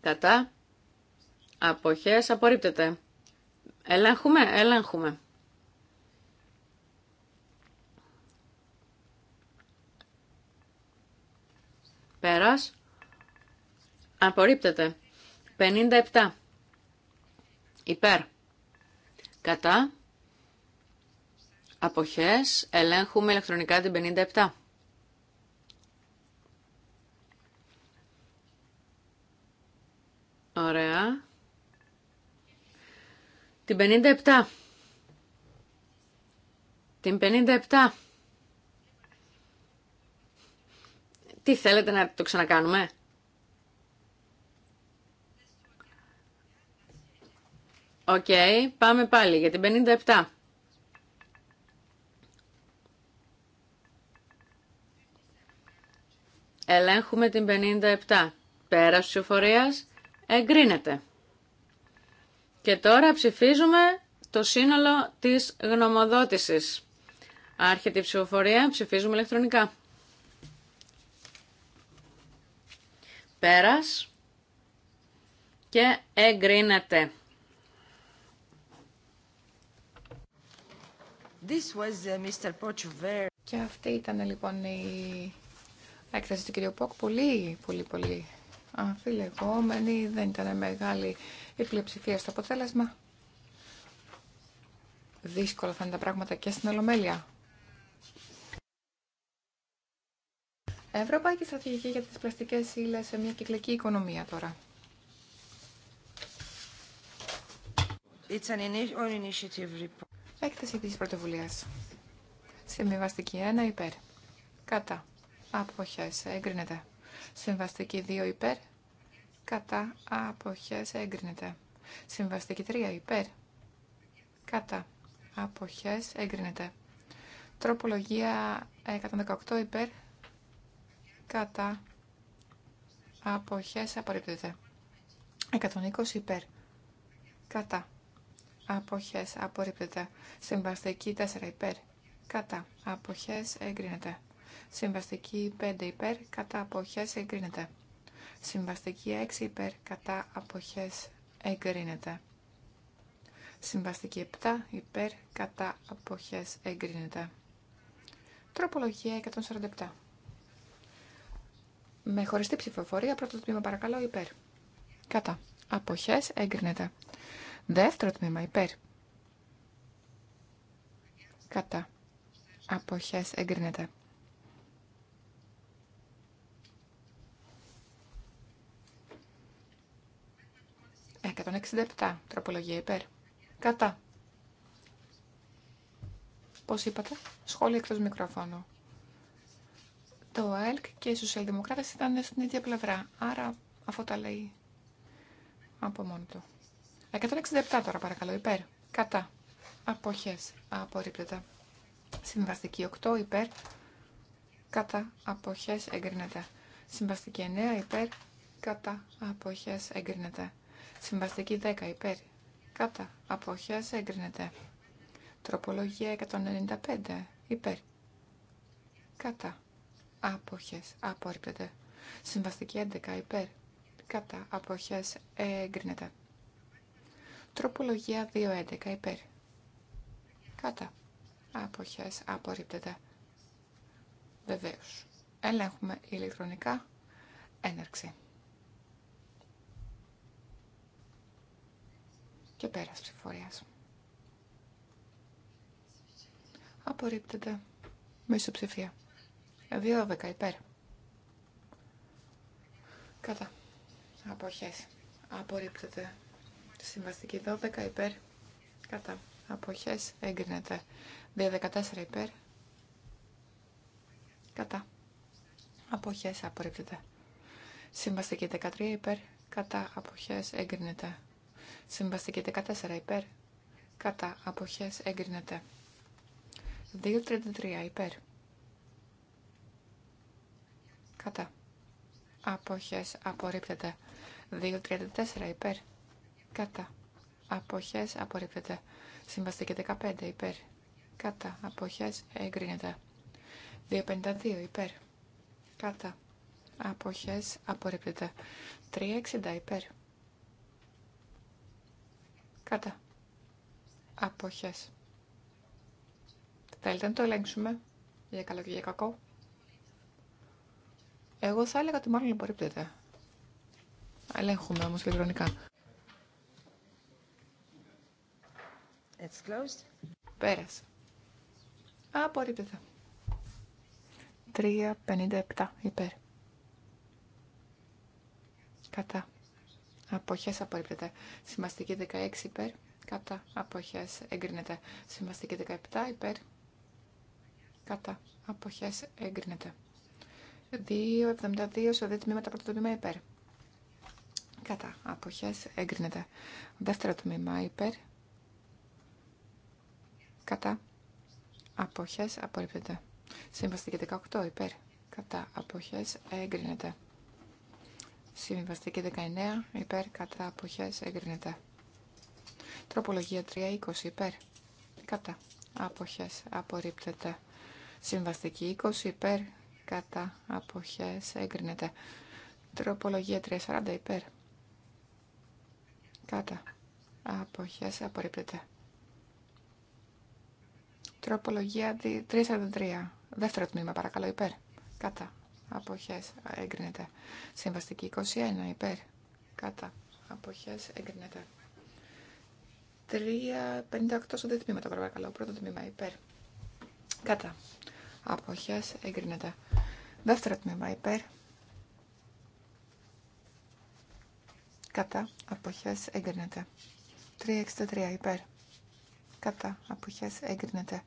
Κατά. Αποχές. Απορρίπτεται. Ελέγχουμε, ελέγχουμε. Πέρας. Απορρίπτεται. 57. Υπέρ. Κατά. Αποχές. Ελέγχουμε ηλεκτρονικά την 57. Ωραία. Την 57. Την 57. Τι θέλετε να το ξανακάνουμε. Οκ, okay, πάμε πάλι για την 57. Ελέγχουμε την 57. Πέρας ψηφοφορίας εγκρίνεται. Και τώρα ψηφίζουμε το σύνολο της γνωμοδότησης. Άρχεται η ψηφοφορία, ψηφίζουμε ηλεκτρονικά. Πέρας και εγκρίνεται. This uh, Mr. Και αυτή ήταν λοιπόν η έκθεση του κ. Πόκ. Πολύ, πολύ, πολύ αμφιλεγόμενη. Δεν ήταν μεγάλη η πλειοψηφία στο αποτέλεσμα. Δύσκολα θα είναι τα πράγματα και στην Ολομέλεια. Ευρωπαϊκή στρατηγική για τις πλαστικές ύλες σε μια κυκλική οικονομία τώρα. It's an initiative report. Έκθεση της πρωτοβουλίας. Συμβιβαστική 1 υπέρ. Κατά. Αποχές. Εγκρίνεται. Συμβαστική 2 υπέρ κατά αποχές έγκρινεται. Συμβαστική 3 υπέρ κατά αποχές έγκρινεται. Τροπολογία 118 υπέρ κατά αποχές απορρίπτεται. 120 υπέρ κατά αποχές απορρίπτεται. Συμβαστική 4 υπέρ κατά αποχές εγκρίνεται. Συμβαστική 5 υπέρ κατά αποχές εγκρίνεται. Συμβαστική 6 υπέρ κατά αποχές εγκρίνεται. Συμβαστική 7 υπέρ κατά αποχές εγκρίνεται. Τροπολογία 147. Με χωριστή ψηφοφορία πρώτο τμήμα παρακαλώ υπέρ. Κατά. Αποχές εγκρίνεται. Δεύτερο τμήμα υπέρ. Κατά. Αποχές εγκρίνεται. 167. Τροπολογία υπέρ. Κατά. Πώς είπατε. Σχόλια εκτός μικροφώνου. Το ΑΕΛΚ και οι σοσιαλδημοκράτες ήταν στην ίδια πλευρά. Άρα αυτό τα λέει από μόνο του. 167 τώρα παρακαλώ. Υπέρ. Κατά. Αποχές. Απορρίπτεται. Συμβαστική 8 υπέρ. Κατά. Αποχές εγκρίνεται. Συμβαστική 9 υπέρ. Κατά. Αποχές εγκρίνεται. Συμβαστική 10 υπέρ. Κατά. Αποχές εγκρίνεται. Τροπολογία 195 υπέρ. Κατά. Απόχε απορρίπτεται. Συμβαστική 11 υπέρ. Κατά. Αποχές εγκρίνεται. Τροπολογία 2.11 υπέρ. Κατά. Αποχές απορρίπτεται. Βεβαίω. Ελέγχουμε ηλεκτρονικά έναρξη. και πέρας ψηφορίας. Απορρίπτεται με ισοψηφία. 2-12 υπέρ. Κατά. Αποχές. Απορρίπτεται. Συμβαστική 12 υπέρ. Κατά. Αποχές. Έγκρινεται. 2-14 υπέρ. Κατά. Αποχές. Απορρίπτεται. Συμβαστική 13 υπέρ. Κατά. Αποχές. Έγκρινεται. Συμβαστική 14 υπέρ. Κατά αποχές εγκρίνεται. 2.33 υπέρ. Κατά. Αποχές απορρίπτεται. 2.34 υπέρ. Κατά. Αποχέ, απορρίπτεται. Συμβαστική 15 υπέρ. Κατά. Αποχές εγκρίνεται. 2.52 υπέρ. Κατά. Αποχές απορρίπτεται. 3.60 υπέρ. Κατά. Αποχές. Θέλετε να το ελέγξουμε. Για καλό και για κακό. Εγώ θα έλεγα ότι μάλλον απορρίπτεται. Ελέγχουμε όμως ηλεκτρονικά. It's closed. Πέρασε. Απορρίπτεται. 3,57 υπέρ. Κατά. Αποχές απορρίπτεται. Συμβαστική 16 υπέρ. Κατά. Αποχές εγκρίνεται. Συμβαστική 17 υπέρ. Κατά. Αποχές εγκρίνεται. 2.72 σε δύο τμήματα. Πρώτο τμήμα υπέρ. Κατά. Αποχές εγκρίνεται. Δεύτερο τμήμα υπέρ. Κατά. Αποχές απορρίπτεται. Συμβαστική 18 υπέρ. Κατά. Αποχές εγκρίνεται. Συμβαστική 19 υπέρ κατά αποχές εγκρίνεται. Τροπολογία 3, 20 υπέρ κατά αποχές απορρίπτεται. Συμβαστική 20 υπέρ κατά αποχές εγκρίνεται. Τροπολογία 340 υπέρ κατά αποχές απορρίπτεται. Τροπολογία 343. Δεύτερο τμήμα παρακαλώ υπέρ. Κατά αποχές εγκρίνεται. Συμβαστική 21 υπέρ κατά αποχές εγκρίνεται. 3.58 στον το τμήματα παρακαλώ. Πρώτο τμήμα υπέρ κατά αποχές εγκρίνεται. Δεύτερο τμήμα υπέρ κατά αποχές εγκρίνεται. 3.63 υπέρ κατά αποχές εγκρίνεται.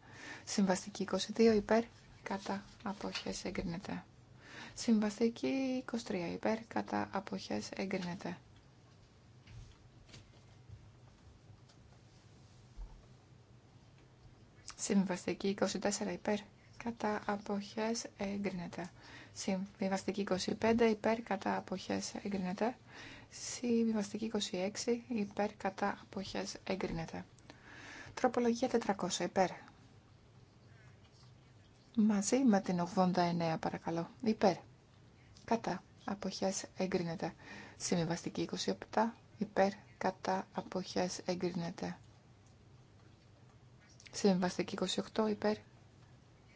Συμβαστική 22 υπέρ κατά αποχές εγκρίνεται. Συμβαστική 23 υπέρ κατά αποχές εγκρίνεται. Συμβαστική 24 υπέρ κατά αποχές εγκρίνεται. Συμβαστική 25 υπέρ κατά αποχές εγκρίνεται. Συμβαστική 26 υπέρ κατά αποχές εγκρίνεται. Τροπολογία 400 υπέρ μαζί με την 89 παρακαλώ. Υπέρ. Κατά. Αποχές εγκρίνεται. συμβαστική 27. Υπέρ. Κατά. Αποχές εγκρίνεται. Συμβαστική 28. Υπέρ.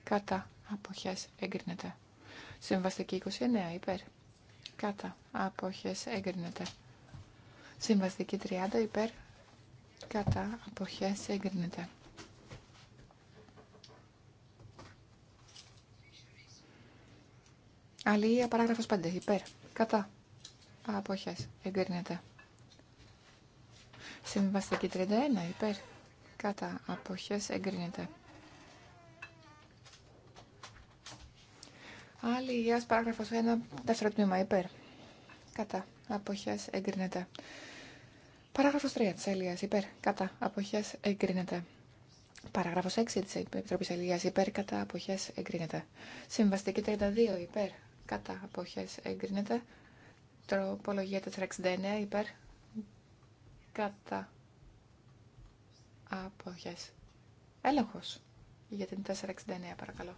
Κατά. απόχέ εγκρίνεται. Συμβαστική 29. Υπέρ. Κατά. απόχε εγκρίνεται. Συμβαστική 30. Υπέρ. Κατά. απόχέ εγκρίνεται. Αλληλεία παράγραφος 5. Υπέρ. Κατά. Αποχές. Εγκρίνεται. Συμβαστική 31. Υπέρ. Κατά. Αποχές. Εγκρίνεται. Αλληλεία παράγραφος 1. Δεύτερο τμήμα. Υπέρ. Κατά. Αποχές. Εγκρίνεται. Παράγραφος 3 της Ελίας. Υπέρ. Κατά. Αποχές. Εγκρίνεται. Παράγραφο 6 τη Επιτροπή Ελία υπέρ κατά αποχέ εγκρίνεται. Συμβαστική 32 υπέρ κατά αποχές εγκρίνεται. Τροπολογία 469 υπέρ κατά αποχές. Έλεγχος για την 469 παρακαλώ.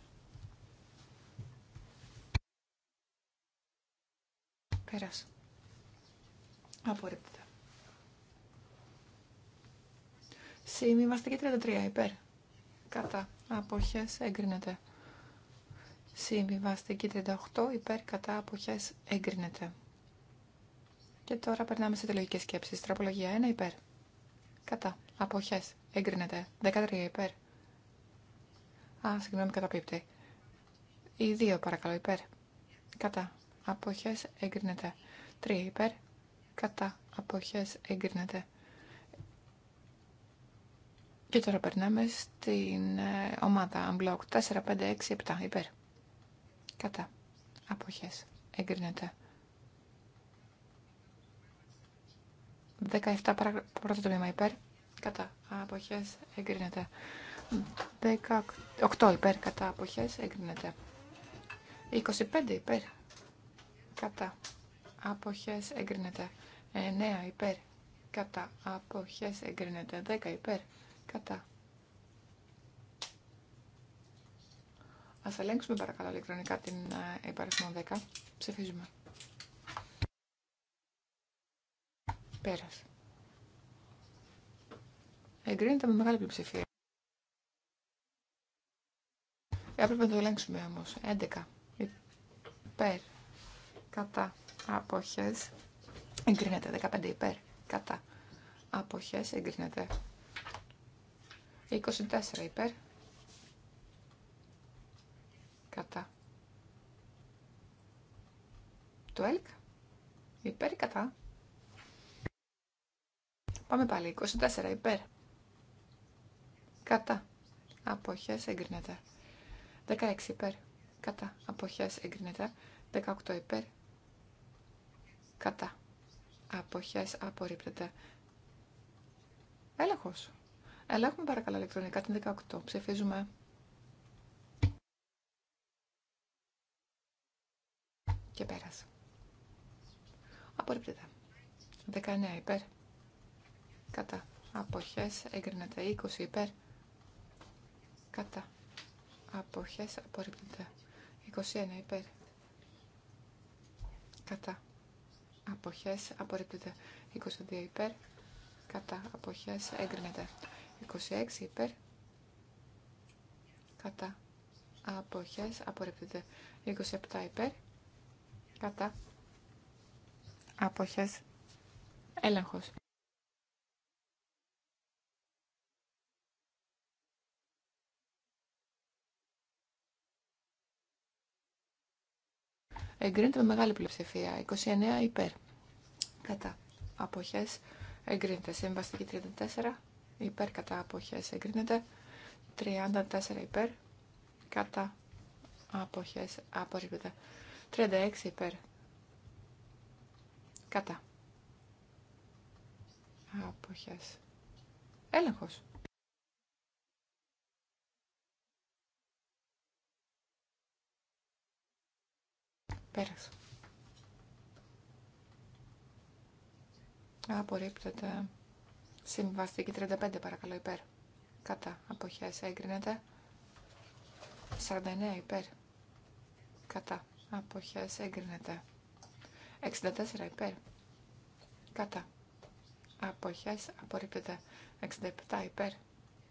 Πέρασε. Απορρίπτεται. Σημειμαστική 33 υπέρ. Κατά αποχές εγκρίνεται. Συμβιβαστική 38 υπέρ κατά αποχές εγκρίνεται. Και τώρα περνάμε σε τελογικές σκέψεις. Τραπολογία 1 υπέρ. Κατά. Αποχές. Εγκρίνεται. 13 υπέρ. Α, συγγνώμη καταπίπτει. Η 2 παρακαλώ υπέρ. Κατά. Αποχές εγκρίνεται. 3 υπέρ. Κατά. Αποχές εγκρίνεται. Και τώρα περνάμε στην ε, ομάδα Unblock 4, 5, 6, 7 υπέρ. Κατά. Αποχές. Εγκρίνεται. 17 πρώτο τμήμα υπέρ. Κατά. Αποχές. Εγκρίνεται. 18 υπέρ. Κατά. Αποχές. Εγκρίνεται. 25 υπέρ. Κατά. Αποχές. Εγκρίνεται. 9 υπέρ. Κατά. Αποχές. Εγκρίνεται. 10 υπέρ. Κατά. Ας ελέγξουμε παρακαλώ ηλεκτρονικά την ε, υπαριθμό 10. Ψηφίζουμε. Πέρασε. Εγκρίνεται με μεγάλη πλειοψηφία. Ε, έπρεπε να το ελέγξουμε όμως. 11. Υπέρ. Κατά. Αποχές. Εγκρίνεται. 15 υπέρ. Κατά. Αποχές. Εγκρίνεται. 24 υπέρ. Κατά. Το ΕΛΚ. Υπέρ ή κατά. Πάμε πάλι. 24 υπέρ. Κατά. Αποχές εγκρίνεται. 16 υπέρ. Κατά. Αποχές εγκρίνεται. 18 υπέρ. Κατά. Αποχές απορρίπτεται. Έλεγχος. Ελέγχουμε παρακαλώ ηλεκτρονικά την 18. Ψηφίζουμε. Και πέρασε. Απορρίπτεται. 19 υπέρ. Κατά. Αποχέ εγκρίνεται. 20 υπέρ. Κατά. Αποχέ, απορρίπτεται. 21 υπέρ. Κατά. απόχέ, απορρίπτεται. 22 υπέρ. Κατά. απόχέ εγκρίνεται. 26 υπέρ. Κατά. απόχέ, απορρίπτεται. 27 υπέρ κατά άποχες έλεγχος. Εγκρίνεται με μεγάλη πλειοψηφία, 29 υπέρ. Κατά αποχές εγκρίνεται. Συμβαστική 34 υπέρ κατά αποχές εγκρίνεται. 34 υπέρ κατά αποχές απορρίπτεται. 36 υπέρ. Κατά. Αποχές. Έλεγχος. Πέρασε. Απορρίπτεται. Συμβαστική 35 παρακαλώ υπέρ. Κατά. Αποχές. Έγκρινεται. 49 υπέρ. Κατά. Αποχές εγκρίνεται. 64 υπέρ. Κατά. Αποχές απορρίπτεται. 67 υπέρ.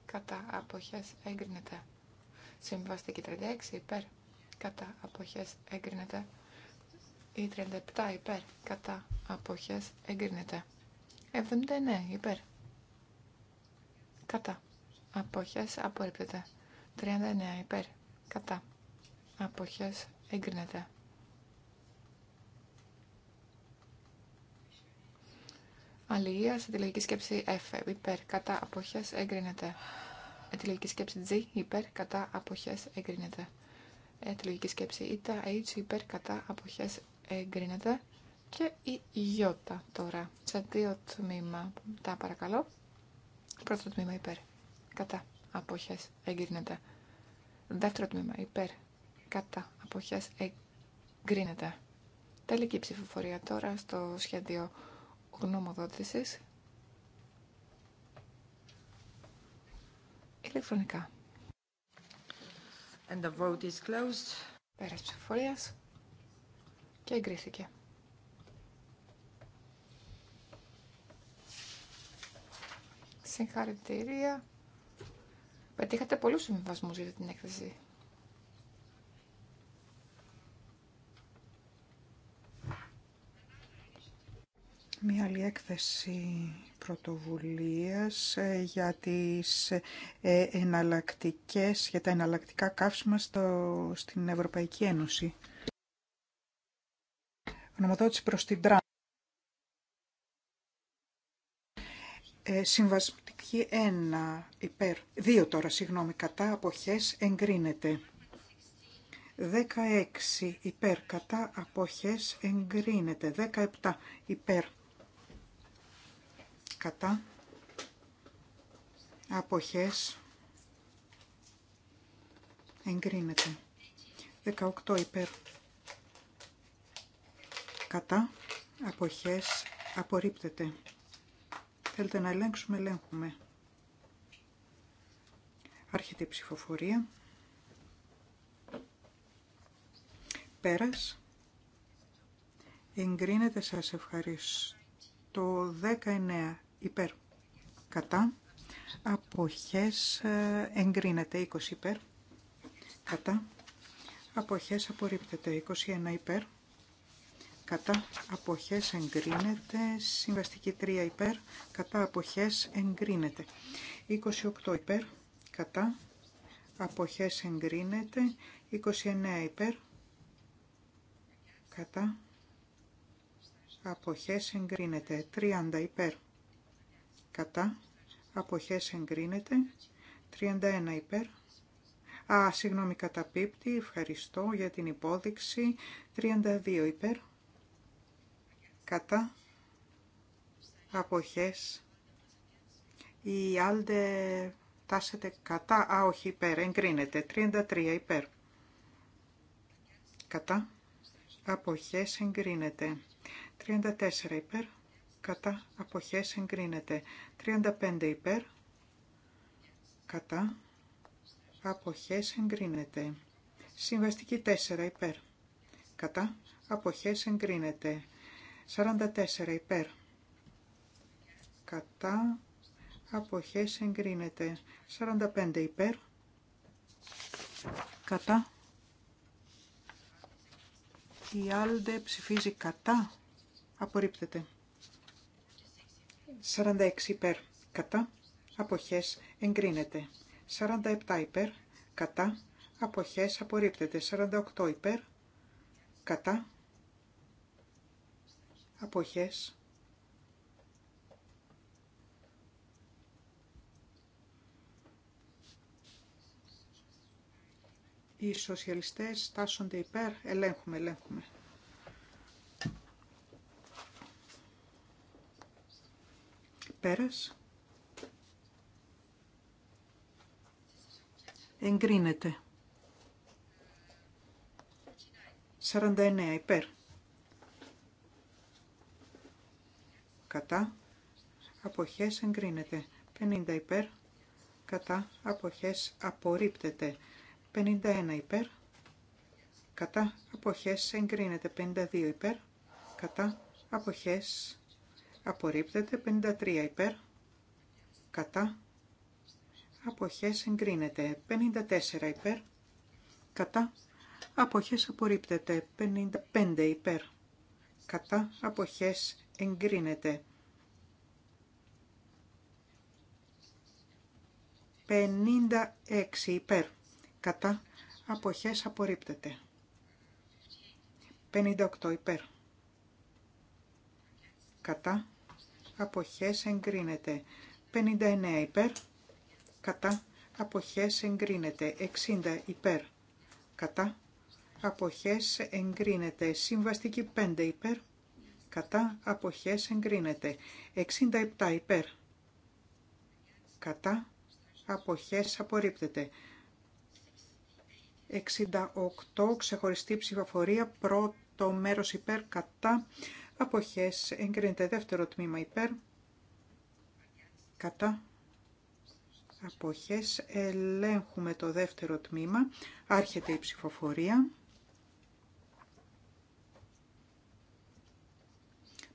Κατά. Αποχές εγκρίνεται. Συμβαστική 36 υπέρ. Κατά. Αποχές εγκρίνεται. Η 37 υπέρ. Κατά. Αποχές εγκρίνεται. 79 υπέρ. Κατά. Αποχές απορρίπτεται. 39 υπέρ. Κατά. Αποχές Εγκρίνεται. Αλληλεία σε τη σκέψη F. Υπέρ κατά αποχές εγκρίνεται. λογική σκέψη G. Υπέρ κατά αποχές εγκρίνεται. Ε, λογική σκέψη η H. Υπέρ κατά αποχές εγκρίνεται. Και η Ι τώρα. Σε δύο τμήμα. Τα παρακαλώ. Πρώτο τμήμα υπέρ. Κατά αποχές εγκρίνεται. Δεύτερο τμήμα υπέρ κατά αποχές εγκρίνεται. Τελική ψηφοφορία τώρα στο σχέδιο γνωμοδότησης. Ηλεκτρονικά. And the vote is closed. Πέρας ψηφοφορίας και εγκρίθηκε. Συγχαρητήρια. Πετύχατε πολλούς συμβασμούς για την έκθεση. Μία άλλη έκθεση πρωτοβουλίας ε, για, τις ε, εναλλακτικές, για τα εναλλακτικά καύσιμα στο, στην Ευρωπαϊκή Ένωση. Ονομαδότηση προς την τραν. Ε, συμβαστική 1 υπέρ, 2 τώρα, συγγνώμη, κατά αποχές εγκρίνεται. 16 υπέρ, κατά αποχές εγκρίνεται. 17 υπέρ, κατά αποχές εγκρίνεται 18 υπέρ κατά αποχές απορρίπτεται θέλετε να ελέγξουμε ελέγχουμε άρχεται η ψηφοφορία πέρας εγκρίνεται σας ευχαριστώ το 19 υπέρ κατά αποχές ε, εγκρίνεται 20 υπέρ κατά αποχές απορρίπτεται 21 υπέρ κατά αποχές εγκρίνεται συμβαστική 3 υπέρ κατά αποχές εγκρίνεται 28 υπέρ κατά αποχές εγκρίνεται 29 υπέρ κατά αποχές εγκρίνεται 30 υπέρ κατά, αποχές εγκρίνεται, 31 υπέρ, α, συγγνώμη καταπίπτει, ευχαριστώ για την υπόδειξη, 32 υπέρ, κατά, αποχές, η άλντε τάσεται κατά, α, όχι υπέρ, εγκρίνεται, 33 υπέρ, κατά, αποχές εγκρίνεται, 34 υπέρ, κατά αποχές εγκρίνεται. 35 υπέρ, κατά αποχές εγκρίνεται. Συμβαστική 4 υπέρ, κατά αποχές εγκρίνεται. 44 υπέρ, κατά αποχές εγκρίνεται. 45 υπέρ, κατά. Η Άλντε ψηφίζει κατά. Απορρίπτεται. 46 υπέρ κατά αποχές εγκρίνεται. 47 υπέρ κατά αποχές απορρίπτεται. 48 υπέρ κατά αποχές Οι σοσιαλιστές στάσσονται υπέρ, ελέγχουμε, ελέγχουμε. Πέρας. Εγκρίνεται. 49 υπέρ. Κατά. Αποχές εγκρίνεται. 50 υπέρ. Κατά. Αποχές απορρίπτεται. 51 υπέρ. Κατά. Αποχές εγκρίνεται. 52 υπέρ. Κατά. Αποχές απορρίπτεται 53 υπέρ, κατά, αποχές εγκρίνεται 54 υπέρ, κατά, αποχές απορρίπτεται 55 υπέρ, κατά, αποχές εγκρίνεται 56 υπέρ, κατά, αποχές απορρίπτεται 58 υπέρ, κατά, αποχές εγκρίνεται. 59 υπέρ, κατά, αποχές εγκρίνεται. 60 υπέρ, κατά, αποχές εγκρίνεται. Συμβαστική 5 υπέρ, κατά, αποχές εγκρίνεται. 67 υπέρ, κατά, αποχές απορρίπτεται. 68 ξεχωριστή ψηφοφορία, πρώτο μέρος υπέρ, κατά, Αποχές εγκρίνεται δεύτερο τμήμα υπέρ. Κατά. Αποχές ελέγχουμε το δεύτερο τμήμα. Άρχεται η ψηφοφορία.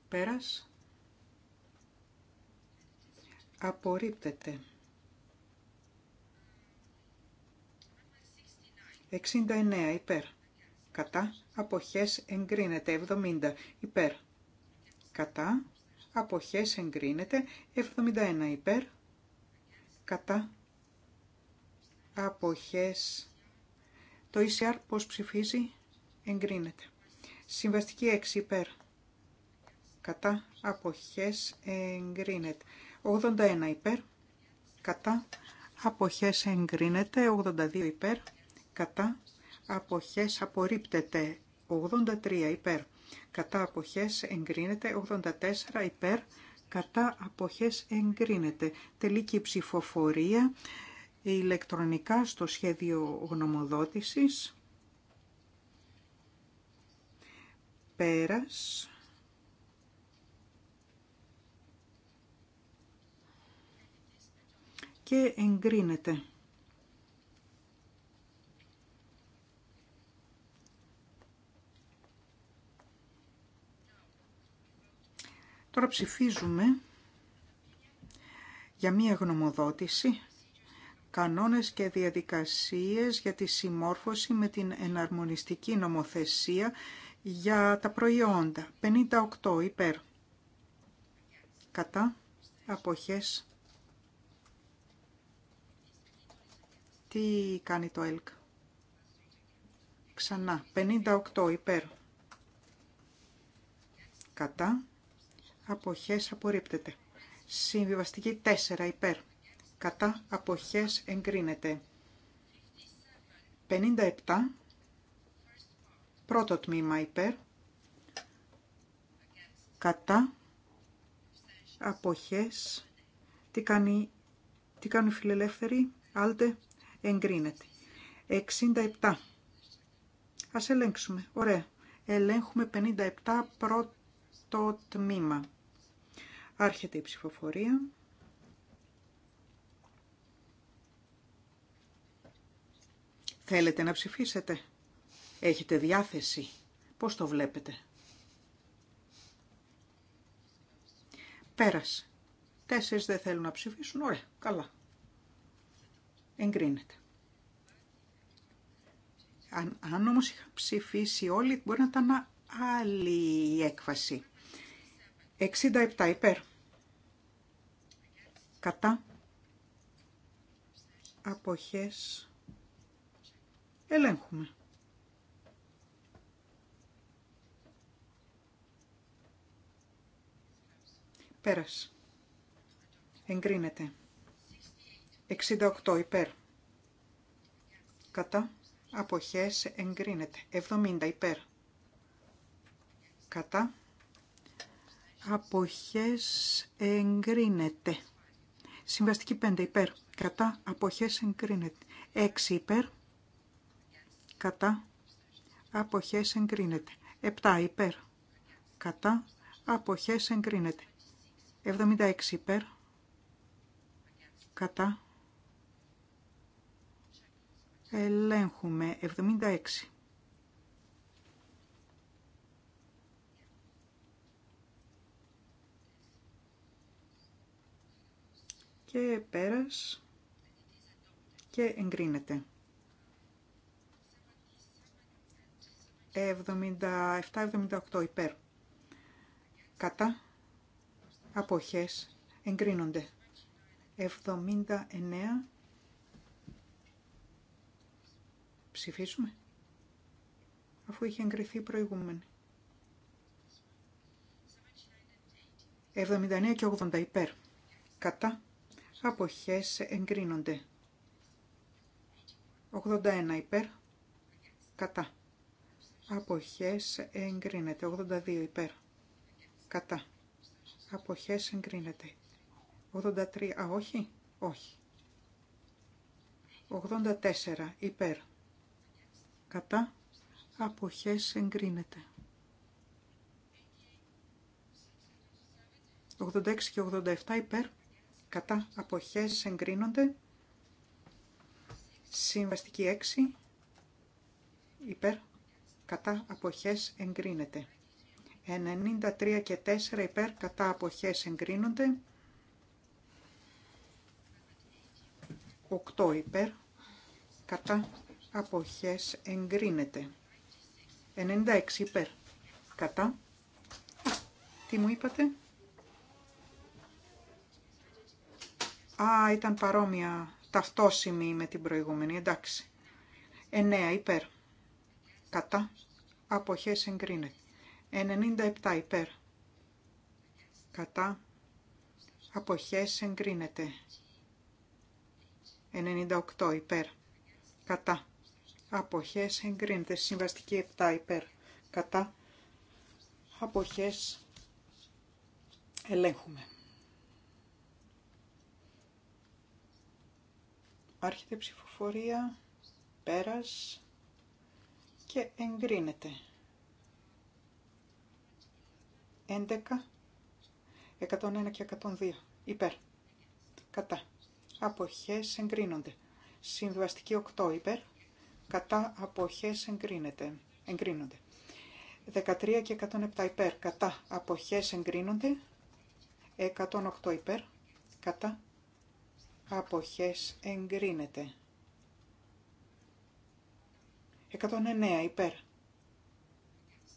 Πέρας. Απορρίπτεται. 69 υπέρ. Κατά. Αποχές εγκρίνεται. 70 υπέρ κατά, αποχές εγκρίνεται, 71 υπέρ, κατά, αποχές, το ECR πώς ψηφίζει, εγκρίνεται. Συμβαστική 6 υπέρ, κατά, αποχές εγκρίνεται, 81 υπέρ, κατά, αποχές εγκρίνεται, 82 υπέρ, κατά, αποχές απορρίπτεται, 83 υπέρ, κατά αποχές εγκρίνεται 84 υπέρ κατά αποχές εγκρίνεται τελική ψηφοφορία ηλεκτρονικά στο σχέδιο γνωμοδότησης πέρας και εγκρίνεται Τώρα ψηφίζουμε για μία γνωμοδότηση κανόνες και διαδικασίες για τη συμμόρφωση με την εναρμονιστική νομοθεσία για τα προϊόντα. 58 υπέρ. Κατά αποχές. Τι κάνει το ΕΛΚ. Ξανά. 58 υπέρ. Κατά αποχές απορρίπτεται. Συμβιβαστική 4 υπέρ. Κατά αποχές εγκρίνεται. 57 πρώτο τμήμα υπέρ. Κατά αποχές. Τι κάνει, τι κάνουν οι φιλελεύθεροι. Άλτε εγκρίνεται. 67. Ας ελέγξουμε. Ωραία. Ελέγχουμε 57 πρώτο το τμήμα. Άρχεται η ψηφοφορία. Θέλετε να ψηφίσετε. Έχετε διάθεση. Πώς το βλέπετε. Πέρασε. Τέσσερις δεν θέλουν να ψηφίσουν. Ωραία. Καλά. Εγκρίνεται. Αν, αν όμως είχα ψηφίσει όλοι, μπορεί να ήταν άλλη η 67 υπέρ. Κατά. Αποχές. Ελέγχουμε. Πέρας. Εγκρίνεται. 68 υπέρ. Κατά. Αποχές εγκρίνεται. 70 υπέρ. Κατά αποχές εγκρίνεται. Συμβαστική 5 υπέρ, κατά, αποχές εγκρίνεται. 6 υπέρ, κατά, αποχές εγκρίνεται. 7 υπέρ, κατά, αποχές εγκρίνεται. 76 υπέρ, κατά, ελέγχουμε 76. και πέρας και εγκρίνεται. 77-78 υπέρ. Κατά αποχές εγκρίνονται. 79 ψηφίσουμε αφού είχε εγκριθεί προηγούμενη. 79 και 80 υπέρ. Κατά αποχές εγκρίνονται. 81 υπέρ, κατά. Αποχές εγκρίνεται. 82 υπέρ, κατά. Αποχές εγκρίνεται. 83, α όχι, όχι. 84 υπέρ, κατά. Αποχές εγκρίνεται. 86 και 87 υπέρ, κατά αποχές εγκρίνονται. Συμβαστική 6 υπέρ κατά αποχές εγκρίνεται. 93 και 4 υπέρ κατά αποχές εγκρίνονται. 8 υπέρ κατά αποχές εγκρίνεται. 96 υπέρ κατά. Τι μου είπατε. Α, ήταν παρόμοια, ταυτόσιμη με την προηγούμενη, εντάξει. 9 υπέρ. Κατά. Αποχές εγκρίνεται. 97 υπέρ. Κατά. Αποχές εγκρίνεται. 98 υπέρ. Κατά. Αποχές εγκρίνεται. Συμβαστική 7 υπέρ. Κατά. Αποχές ελέγχουμε. Άρχεται ψηφοφορία, πέρας και εγκρίνεται. 11, 101 και 102. Υπέρ. Κατά. Αποχές εγκρίνονται. σύνδυαστική 8 υπέρ. Κατά αποχές εγκρίνεται. εγκρίνονται. 13 και 107 υπέρ. Κατά αποχές εγκρίνονται. 108 υπέρ. Κατά αποχές εγκρίνεται. 109 υπέρ.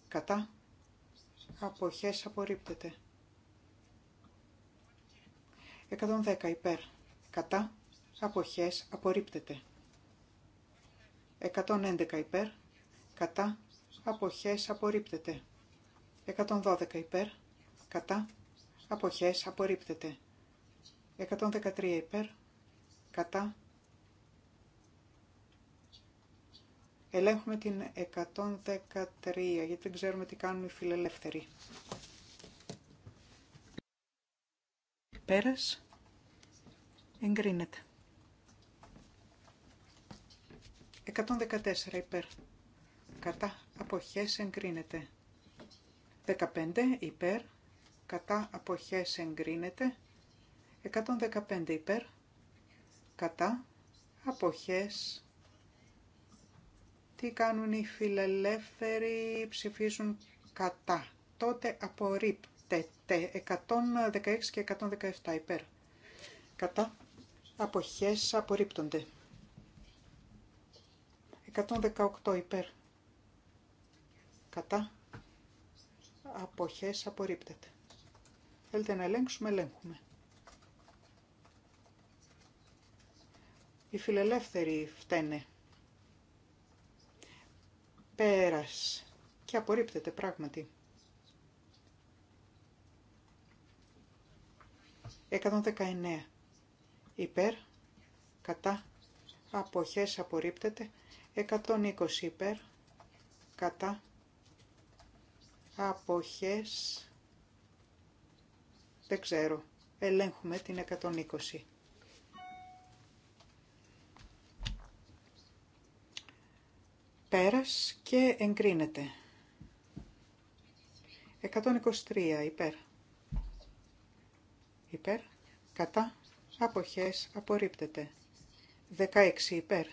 Κατά. Αποχές απορρίπτεται. 110 υπέρ. Κατά. Αποχές απορρίπτεται. 111 υπέρ. Κατά. Αποχές απορρίπτεται. 112 υπέρ. Κατά. Αποχές απορρίπτεται. 113 υπέρ κατά. Ελέγχουμε την 113, γιατί δεν ξέρουμε τι κάνουν οι φιλελεύθεροι. Πέρας, εγκρίνεται. 114 υπέρ, κατά αποχές εγκρίνεται. 15 υπέρ, κατά αποχές εγκρίνεται. 115 υπέρ, κατά, αποχές. Τι κάνουν οι φιλελεύθεροι, ψηφίζουν κατά. Τότε απορρίπτεται 116 και 117 υπέρ. Κατά, αποχές απορρίπτονται. 118 υπέρ. Κατά, αποχές απορρίπτεται. Θέλετε να ελέγξουμε, ελέγχουμε. Οι φιλελεύθεροι φταίνε. Πέρας. Και απορρίπτεται πράγματι. 119. Υπέρ. Κατά. Αποχές απορρίπτεται. 120 υπέρ. Κατά. Αποχές. Δεν ξέρω. Ελέγχουμε την 120. Πέρας και εγκρίνεται. 123 υπέρ. Υπέρ. Κατά. Αποχές απορρίπτεται. 16 υπέρ.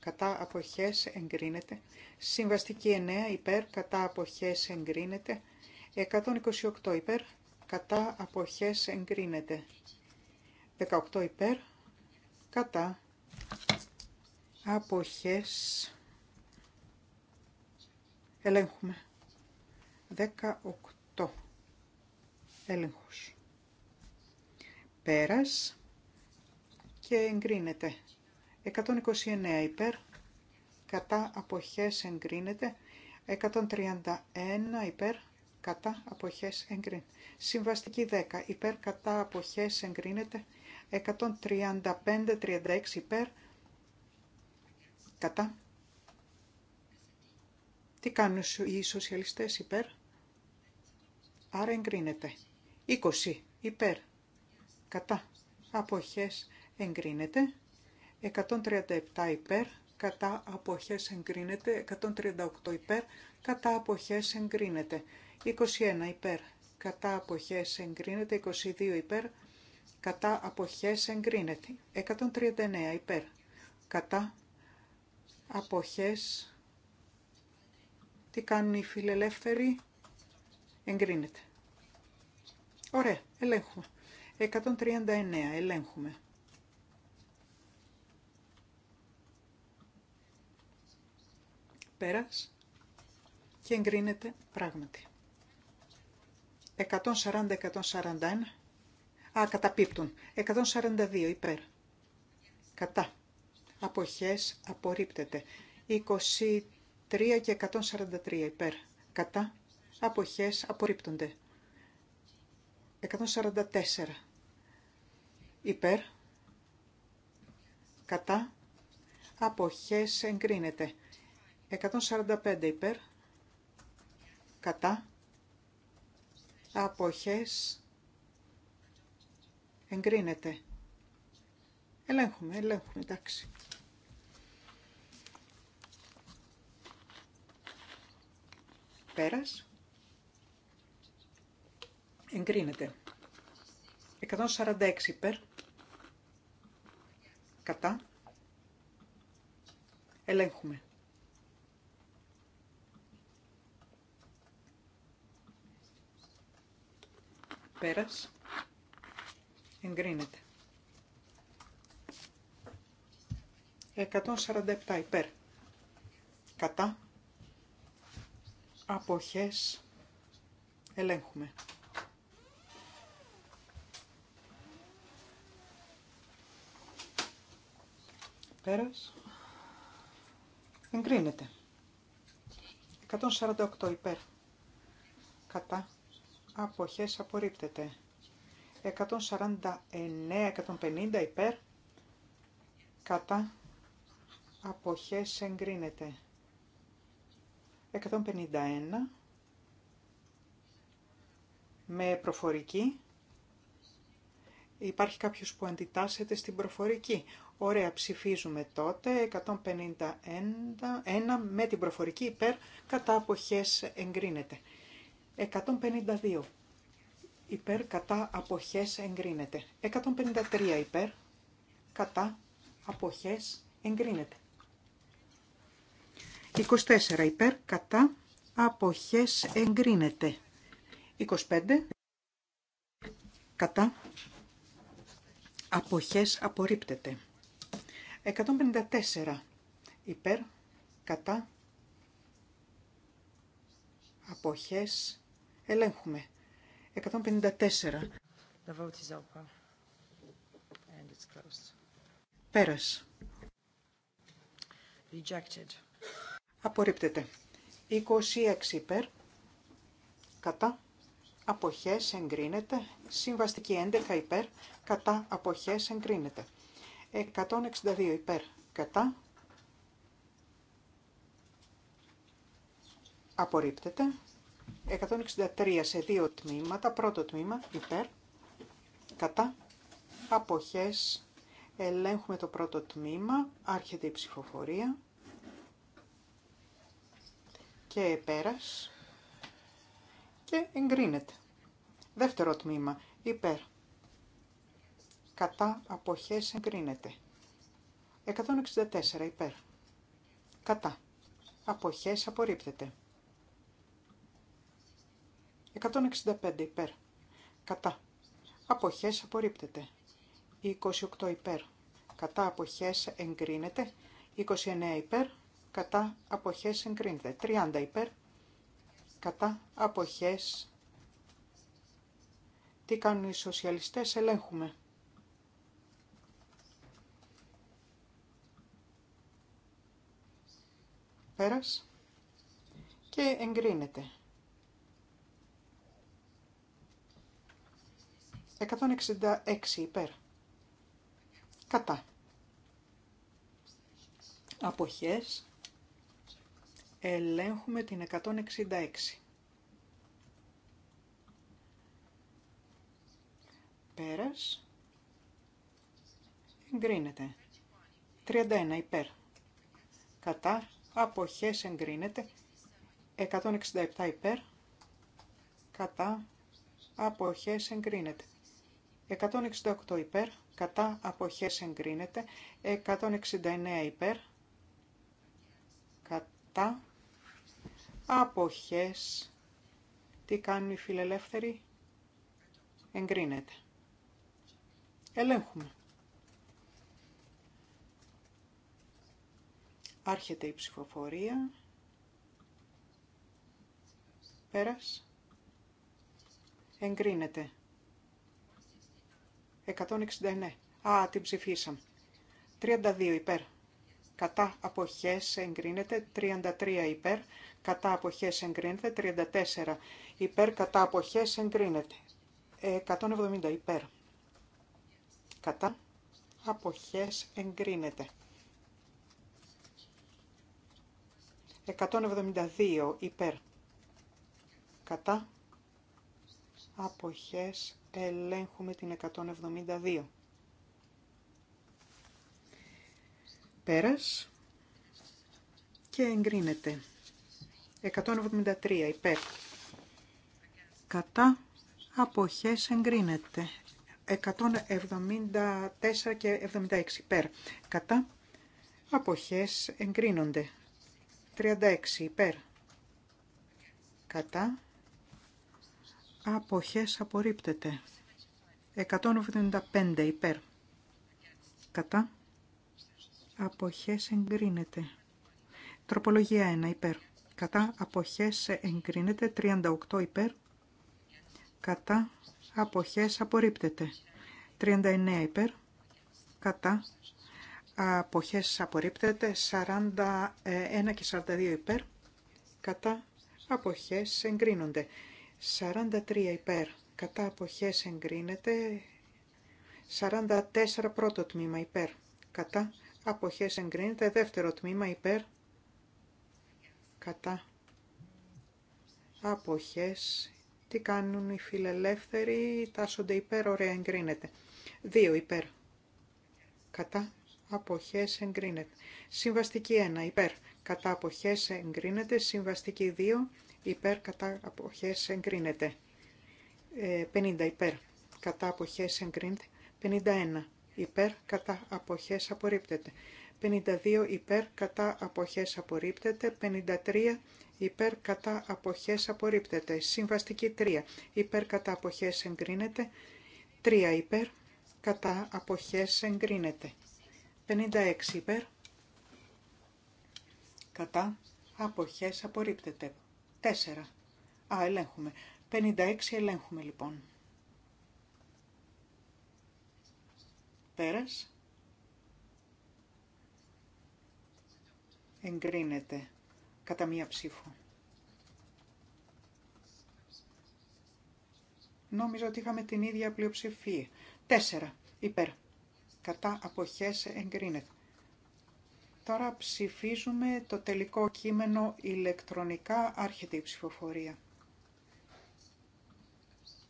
Κατά αποχές εγκρίνεται. Συμβαστική 9 υπέρ. Κατά αποχές εγκρίνεται. 128 υπέρ. Κατά αποχές εγκρίνεται. 18 υπέρ. Κατά αποχές Ελέγχουμε. 18. Έλεγχος. Πέρας και εγκρίνεται. 129 υπέρ, κατά αποχές εγκρίνεται. 131 υπέρ, κατά αποχές εγκρίνεται. Συμβαστική 10 υπέρ, κατά αποχές εγκρίνεται. 135-36 υπέρ, κατά τι κάνουν οι σοσιαλιστές υπέρ. Άρα εγκρίνεται. 20 υπέρ. Κατά. Αποχές εγκρίνεται. 137 υπέρ. Κατά αποχές εγκρίνεται. 138 υπέρ. Κατά αποχές εγκρίνεται. 21 υπέρ. Κατά αποχές εγκρίνεται. 22 υπέρ. Κατά αποχές εγκρίνεται. 139 υπέρ. Κατά αποχές τι κάνουν οι φιλελεύθεροι. Εγκρίνεται. Ωραία. Ελέγχουμε. 139. Ελέγχουμε. Πέρας. Και εγκρίνεται πράγματι. 140-141. Α, καταπίπτουν. 142 υπέρ. Κατά. Αποχές απορρίπτεται. 23 3 και 143 υπέρ. Κατά αποχές απορρίπτονται. 144 υπέρ. Κατά αποχές εγκρίνεται. 145 υπέρ. Κατά αποχές εγκρίνεται. Ελέγχουμε, ελέγχουμε, εντάξει. Πέρας. Εγκρίνεται. 146 υπέρ. Κατά. Ελέγχουμε. Πέρας. Εγκρίνεται. 147 υπέρ. Κατά αποχές ελέγχουμε. Πέρας. Εγκρίνεται. 148 υπέρ. Κατά. Αποχές απορρίπτεται. 149-150 υπέρ. Κατά. Αποχές εγκρίνεται. 151 με προφορική. Υπάρχει κάποιος που αντιτάσσεται στην προφορική. Ωραία, ψηφίζουμε τότε 151 με την προφορική υπέρ κατά αποχές εγκρίνεται. 152 υπέρ κατά αποχές εγκρίνεται. 153 υπέρ κατά αποχές εγκρίνεται. 24 υπέρ κατά αποχές εγκρίνεται. 25 κατά αποχές απορρίπτεται. 154 υπέρ κατά αποχές ελέγχουμε. 154. The Απορρίπτεται. 26 υπέρ. Κατά. Αποχές εγκρίνεται. Συμβαστική 11 υπέρ. Κατά. Αποχές εγκρίνεται. 162 υπέρ. Κατά. Απορρίπτεται. 163 σε δύο τμήματα. Πρώτο τμήμα υπέρ. Κατά. Αποχές. Ελέγχουμε το πρώτο τμήμα. Άρχεται η ψηφοφορία και πέρας και εγκρίνεται. Δεύτερο τμήμα υπέρ. Κατά αποχές εγκρίνεται. 164 υπέρ. Κατά. Αποχές απορρίπτεται. 165 υπέρ. Κατά. Αποχές απορρίπτεται. 28 υπέρ. Κατά αποχές εγκρίνεται. 29 υπέρ κατά αποχές εγκρίνεται. 30 υπέρ, κατά αποχές. Τι κάνουν οι σοσιαλιστές, ελέγχουμε. Πέρας και εγκρίνεται. 166 υπέρ. Κατά. Αποχές Ελέγχουμε την 166. Πέρας. Εγκρίνεται. 31 υπέρ. Κατά. Αποχές εγκρίνεται. 167 υπέρ. Κατά. Αποχές εγκρίνεται. 168 υπέρ, κατά αποχές εγκρίνεται, 169 υπέρ, κατά Αποχές. Τι κάνουν οι φιλελεύθεροι. Εγκρίνεται. Ελέγχουμε. Άρχεται η ψηφοφορία. Πέρας. Εγκρίνεται. 169. Α, την ψηφίσαμε. 32 υπέρ. Κατά αποχές εγκρίνεται. 33 υπέρ κατά αποχές εγκρίνεται, 34 υπέρ κατά αποχές εγκρίνεται, 170 ε, υπέρ κατά αποχές εγκρίνεται. 172 υπέρ κατά αποχές ελέγχουμε την 172. Πέρας και εγκρίνεται. 173 υπέρ. Κατά αποχές εγκρίνεται. 174 και 76 υπέρ. Κατά αποχές εγκρίνονται. 36 υπέρ. Κατά αποχές απορρίπτεται. 175 υπέρ. Κατά αποχές εγκρίνεται. Τροπολογία 1 υπέρ κατά αποχές εγκρίνεται 38 υπέρ, κατά αποχές απορρίπτεται 39 υπέρ, κατά αποχές απορρίπτεται 41 και 42 υπέρ, κατά αποχές εγκρίνονται 43 υπέρ, κατά αποχές εγκρίνεται 44 πρώτο τμήμα υπέρ, κατά αποχές εγκρίνεται δεύτερο τμήμα υπέρ, κατά αποχές. Τι κάνουν οι φιλελεύθεροι, τάσσονται υπέρ, ωραία εγκρίνεται. δύο υπέρ, κατά αποχές εγκρίνεται. Συμβαστική ένα υπέρ, κατά αποχές εγκρίνεται. Συμβαστική δύο υπέρ, κατά αποχές εγκρίνεται. 50 ε, υπέρ, κατά αποχές εγκρίνεται. 51 υπέρ, κατά αποχές απορρίπτεται. 52 υπέρ κατά αποχές απορρίπτεται, 53 υπέρ κατά αποχές απορρίπτεται, συμβαστική 3 υπέρ κατά αποχές εγκρίνεται, 3 υπέρ κατά αποχές εγκρίνεται, 56 υπέρ κατά αποχές απορρίπτεται, 4. Α, ελέγχουμε. 56 ελέγχουμε λοιπόν. Πέρας. εγκρίνεται κατά μία ψήφο. Νόμιζα ότι είχαμε την ίδια πλειοψηφία. Τέσσερα. Υπέρ. Κατά αποχές εγκρίνεται. Τώρα ψηφίζουμε το τελικό κείμενο ηλεκτρονικά άρχεται η ψηφοφορία.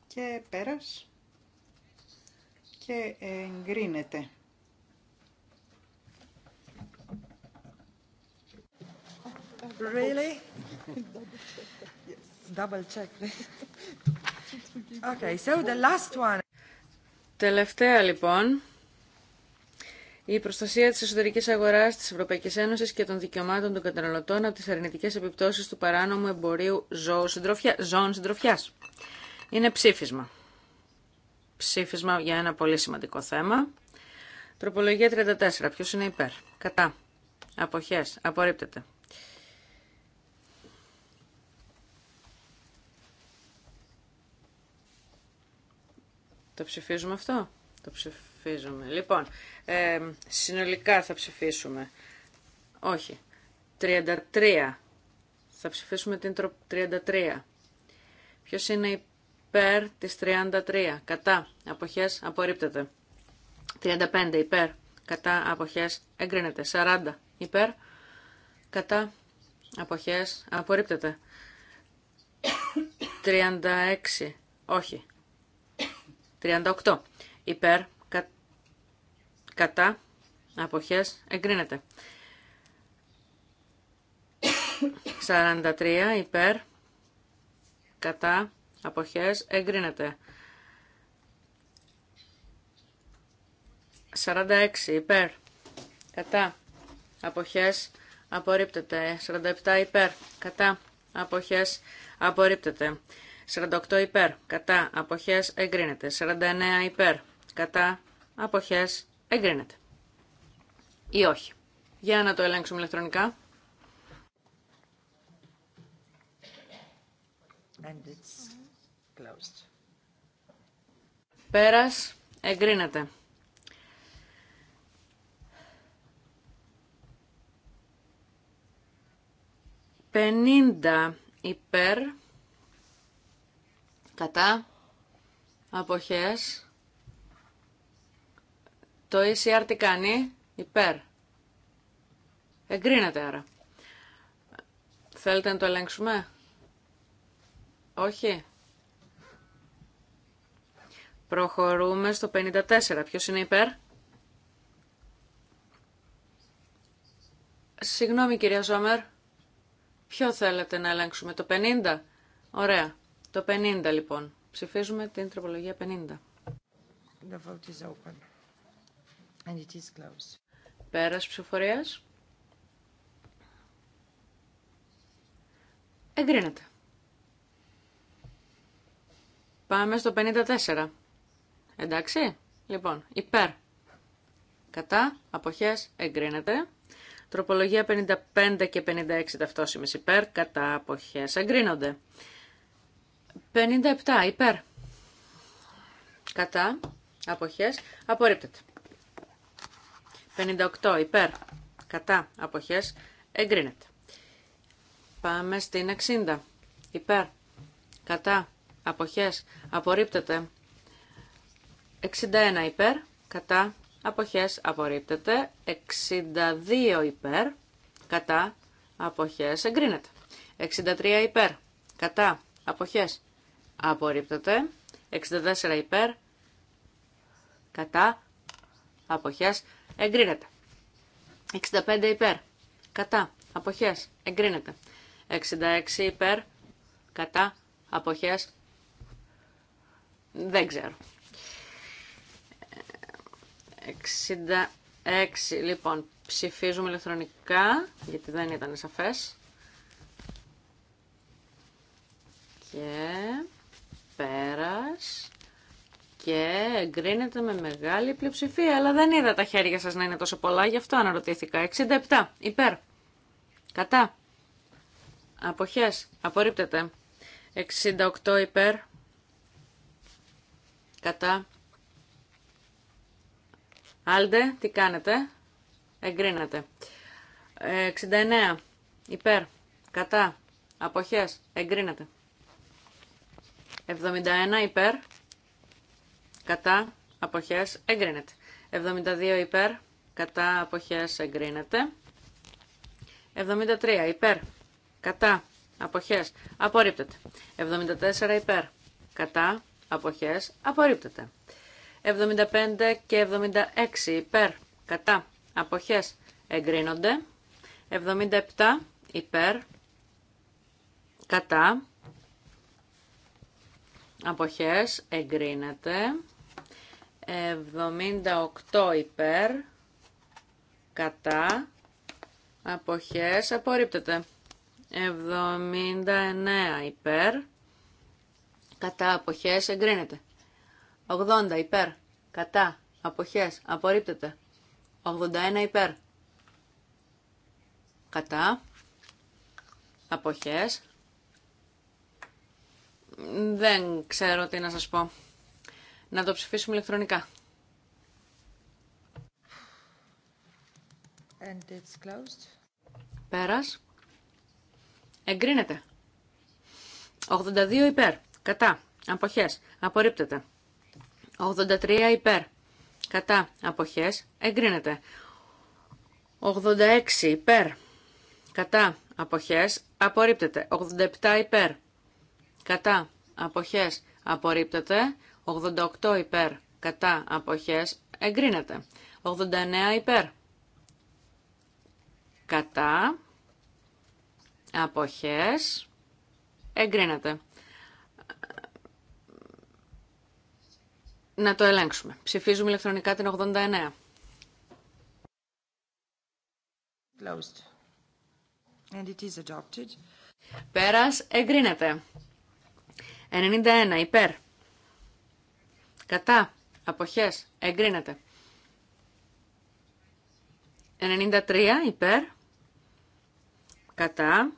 Και πέρας. Και εγκρίνεται. Really? <laughs> Double check. Okay, so the last one. Τελευταία λοιπόν, η προστασία της εσωτερικής αγοράς της Ευρωπαϊκής Ένωσης και των δικαιωμάτων των καταναλωτών από τι αρνητικές επιπτώσει του παράνομου εμπορίου ζώων συντροφιά. Είναι ψήφισμα. Ψήφισμα για ένα πολύ σημαντικό θέμα. Τροπολογία 34. Ποιο είναι υπέρ. Κατά. Αποχές. Απορρίπτεται. Το ψηφίζουμε αυτό. Το ψηφίζουμε. Λοιπόν, συνολικά θα ψηφίσουμε. Όχι. 33. Θα ψηφίσουμε την 33. Ποιος είναι υπέρ της 33. Κατά. Αποχές. Απορρίπτεται. 35. Υπέρ. Κατά. Αποχές. Εγκρίνεται. 40. Υπέρ. Κατά. Αποχές. Απορρίπτεται. 36. Όχι. 38. Υπέρ, κα, κατά, αποχές, εγκρίνεται. 43. Υπέρ, κατά, αποχές, εγκρίνεται. 46. Υπέρ, κατά, αποχές, απορρίπτεται. 47. Υπέρ, κατά, αποχές, απορρίπτεται. 48 υπέρ. Κατά αποχές εγκρίνεται. 49 υπέρ. Κατά αποχές εγκρίνεται. Ή όχι. Για να το ελέγξουμε ηλεκτρονικά. And closed. Πέρας εγκρίνεται. 50 υπέρ κατά αποχές το ECR τι κάνει υπέρ εγκρίνεται άρα θέλετε να το ελέγξουμε όχι προχωρούμε στο 54 ποιος είναι υπέρ Συγγνώμη κυρία Ζόμερ, ποιο θέλετε να ελέγξουμε, το 50. Ωραία. Το 50 λοιπόν. Ψηφίζουμε την τροπολογία 50. The vote is And it is Πέρας ψηφοφορίας. Εγκρίνεται. Πάμε στο 54. Εντάξει. Λοιπόν, υπέρ. Κατά. Αποχές. Εγκρίνεται. Τροπολογία 55 και 56 ταυτόσημες υπέρ. Κατά. Αποχές. Εγκρίνονται. 57 υπέρ. Κατά. Αποχές. Απορρίπτεται. 58 υπέρ. Κατά. Αποχές. Εγκρίνεται. Πάμε στην 60. Υπέρ. Κατά. Αποχές. Απορρίπτεται. 61 υπέρ. Κατά. Αποχές. Απορρίπτεται. 62 υπέρ. Κατά. Αποχές. Εγκρίνεται. 63 υπέρ. Κατά. Αποχές απορρίπτεται. 64 υπέρ, κατά, αποχές, εγκρίνεται. 65 υπέρ, κατά, αποχές, εγκρίνεται. 66 υπέρ, κατά, αποχές, δεν ξέρω. 66, λοιπόν, ψηφίζουμε ηλεκτρονικά, γιατί δεν ήταν σαφές. Και πέρας και εγκρίνεται με μεγάλη πλειοψηφία. Αλλά δεν είδα τα χέρια σας να είναι τόσο πολλά, γι' αυτό αναρωτήθηκα. 67 υπέρ. Κατά. Αποχές. Απορρίπτεται. 68 υπέρ. Κατά. Άλντε, τι κάνετε. εγκρίνεται 69 υπέρ. Κατά. Αποχές. εγκρίνεται 71 υπέρ, κατά, αποχές, εγκρίνεται. 72 υπέρ, κατά, αποχές, εγκρίνεται. 73 υπέρ, κατά, αποχές, απορρίπτεται. 74 υπέρ, κατά, αποχές, απορρίπτεται. 75 και 76 υπέρ, κατά, αποχές, εγκρίνονται. 77 υπέρ, κατά, αποχές εγκρίνεται 78 υπέρ κατά αποχές απορρίπτεται 79 υπέρ κατά αποχές εγκρίνεται 80 υπέρ κατά αποχές απορρίπτεται 81 υπέρ κατά αποχές δεν ξέρω τι να σας πω. Να το ψηφίσουμε ηλεκτρονικά. And it's closed. Πέρας. Εγκρίνεται. 82 υπέρ. Κατά. Αποχές. Απορρίπτεται. 83 υπέρ. Κατά. Αποχές. Εγκρίνεται. 86 υπέρ. Κατά. Αποχές. Απορρίπτεται. 87 υπέρ κατά αποχές απορρίπτεται, 88 υπέρ κατά αποχές εγκρίνεται, 89 υπέρ κατά αποχές εγκρίνεται. Να το ελέγξουμε. Ψηφίζουμε ηλεκτρονικά την 89. Closed. And it is adopted. Πέρας εγκρίνεται. 91 υπέρ. Κατά. Αποχές. Εγκρίνεται. 93 υπέρ. Κατά.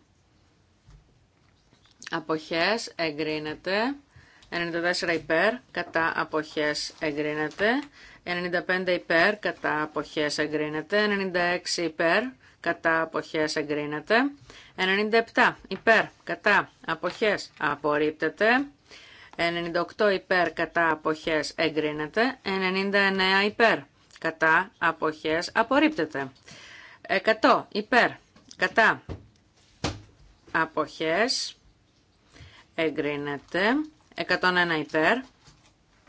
Αποχές. Εγκρίνεται. 94 υπέρ. Κατά. Αποχές. Εγκρίνεται. 95 υπέρ. Κατά. Αποχές. Εγκρίνεται. 96 υπέρ κατά αποχές εγκρίνεται. 97 υπέρ κατά αποχές απορρίπτεται. 98 υπέρ κατά αποχές εγκρίνεται. 99 υπέρ κατά αποχές απορρίπτεται. 100 υπέρ κατά αποχές εγκρίνεται. 101 υπέρ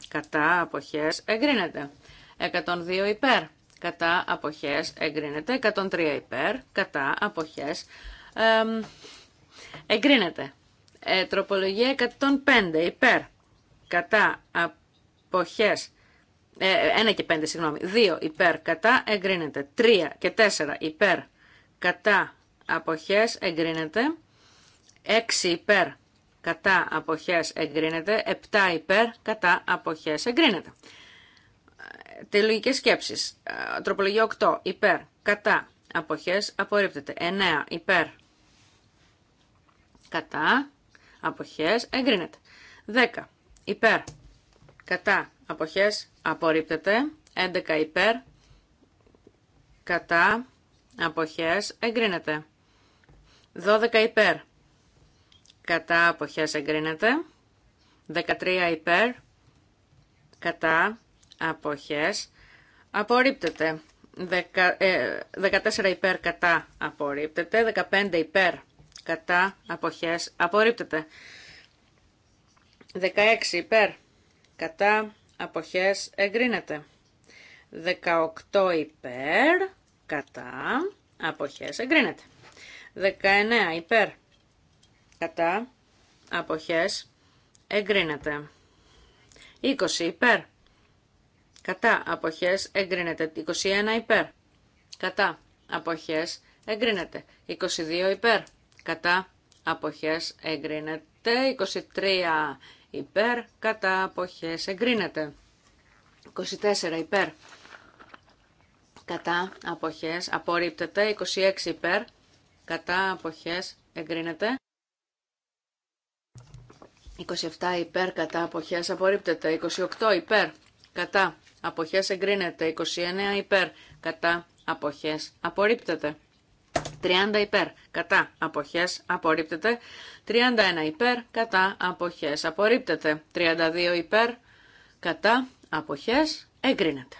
κατά αποχές εγκρίνεται. 102 υπέρ κατά αποχές εγκρίνεται, 103 ε, υπέρ, κατά αποχές ε, εγκρίνεται. Ε, τροπολογία 105 υπέρ, κατά αποχές, ε, 1 και 5 συγγνώμη, 2 υπέρ, κατά εγκρίνεται, 3 και 4 υπέρ, κατά αποχές εγκρίνεται, 6 υπέρ, κατά αποχές εγκρίνεται, 7 υπέρ, κατά αποχές εγκρίνεται. Τελογικές σκέψεις. Τροπολογία 8. Υπέρ. Κατά. Αποχές. Απορρίπτεται. 9. Υπέρ. Κατά. Αποχές. Εγκρίνεται. 10. Υπέρ. Κατά. Αποχές. Απορρίπτεται. 11. Υπέρ. Κατά. Αποχές. Εγκρίνεται. 12. Υπέρ. Κατά. Αποχές. Εγκρίνεται. 13. Υπέρ. Κατά αποχές απορρίπτεται. 14 ε, υπέρ κατά απορρίπτεται, 15 υπέρ κατά αποχές απορρίπτεται. 16 υπέρ κατά αποχές εγκρίνεται. 18 υπέρ κατά αποχές εγκρίνεται. 19 υπέρ κατά αποχές εγκρίνεται. 20 υπέρ Κατά αποχές εγκρίνεται 21 υπέρ. Κατά αποχές εγκρίνεται 22 υπέρ. Κατά αποχές εγκρίνεται 23 υπέρ. Κατά αποχές εγκρίνεται 24 υπέρ. Κατά αποχές απορρίπτεται 26 υπέρ. Κατά αποχές εγκρίνεται 27 υπέρ. Κατά αποχές απορρίπτεται 28 υπέρ. Κατά αποχές εγκρίνεται. 29 υπέρ κατά αποχές απορρίπτεται. 30 υπέρ κατά αποχές απορρίπτεται. 31 υπέρ κατά αποχές απορρίπτεται. 32 υπέρ κατά αποχές εγκρίνεται.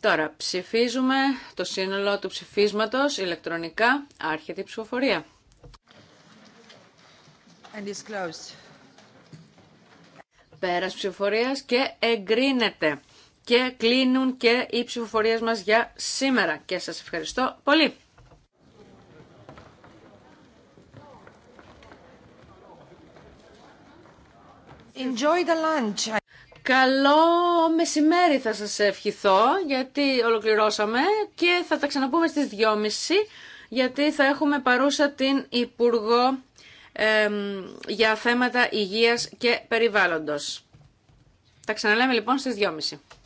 Τώρα ψηφίζουμε το σύνολο του ψηφίσματος ηλεκτρονικά. Άρχεται η ψηφοφορία. And closed. Πέρας ψηφοφορίας και εγκρίνεται. Και κλείνουν και οι ψηφοφορίες μας για σήμερα. Και σας ευχαριστώ πολύ. Enjoy the lunch. Καλό μεσημέρι θα σας ευχηθώ γιατί ολοκληρώσαμε και θα τα ξαναπούμε στις 2.30 γιατί θα έχουμε παρούσα την Υπουργό για θέματα υγείας και περιβάλλοντος. Τα ξαναλέμε λοιπόν στις 2.30.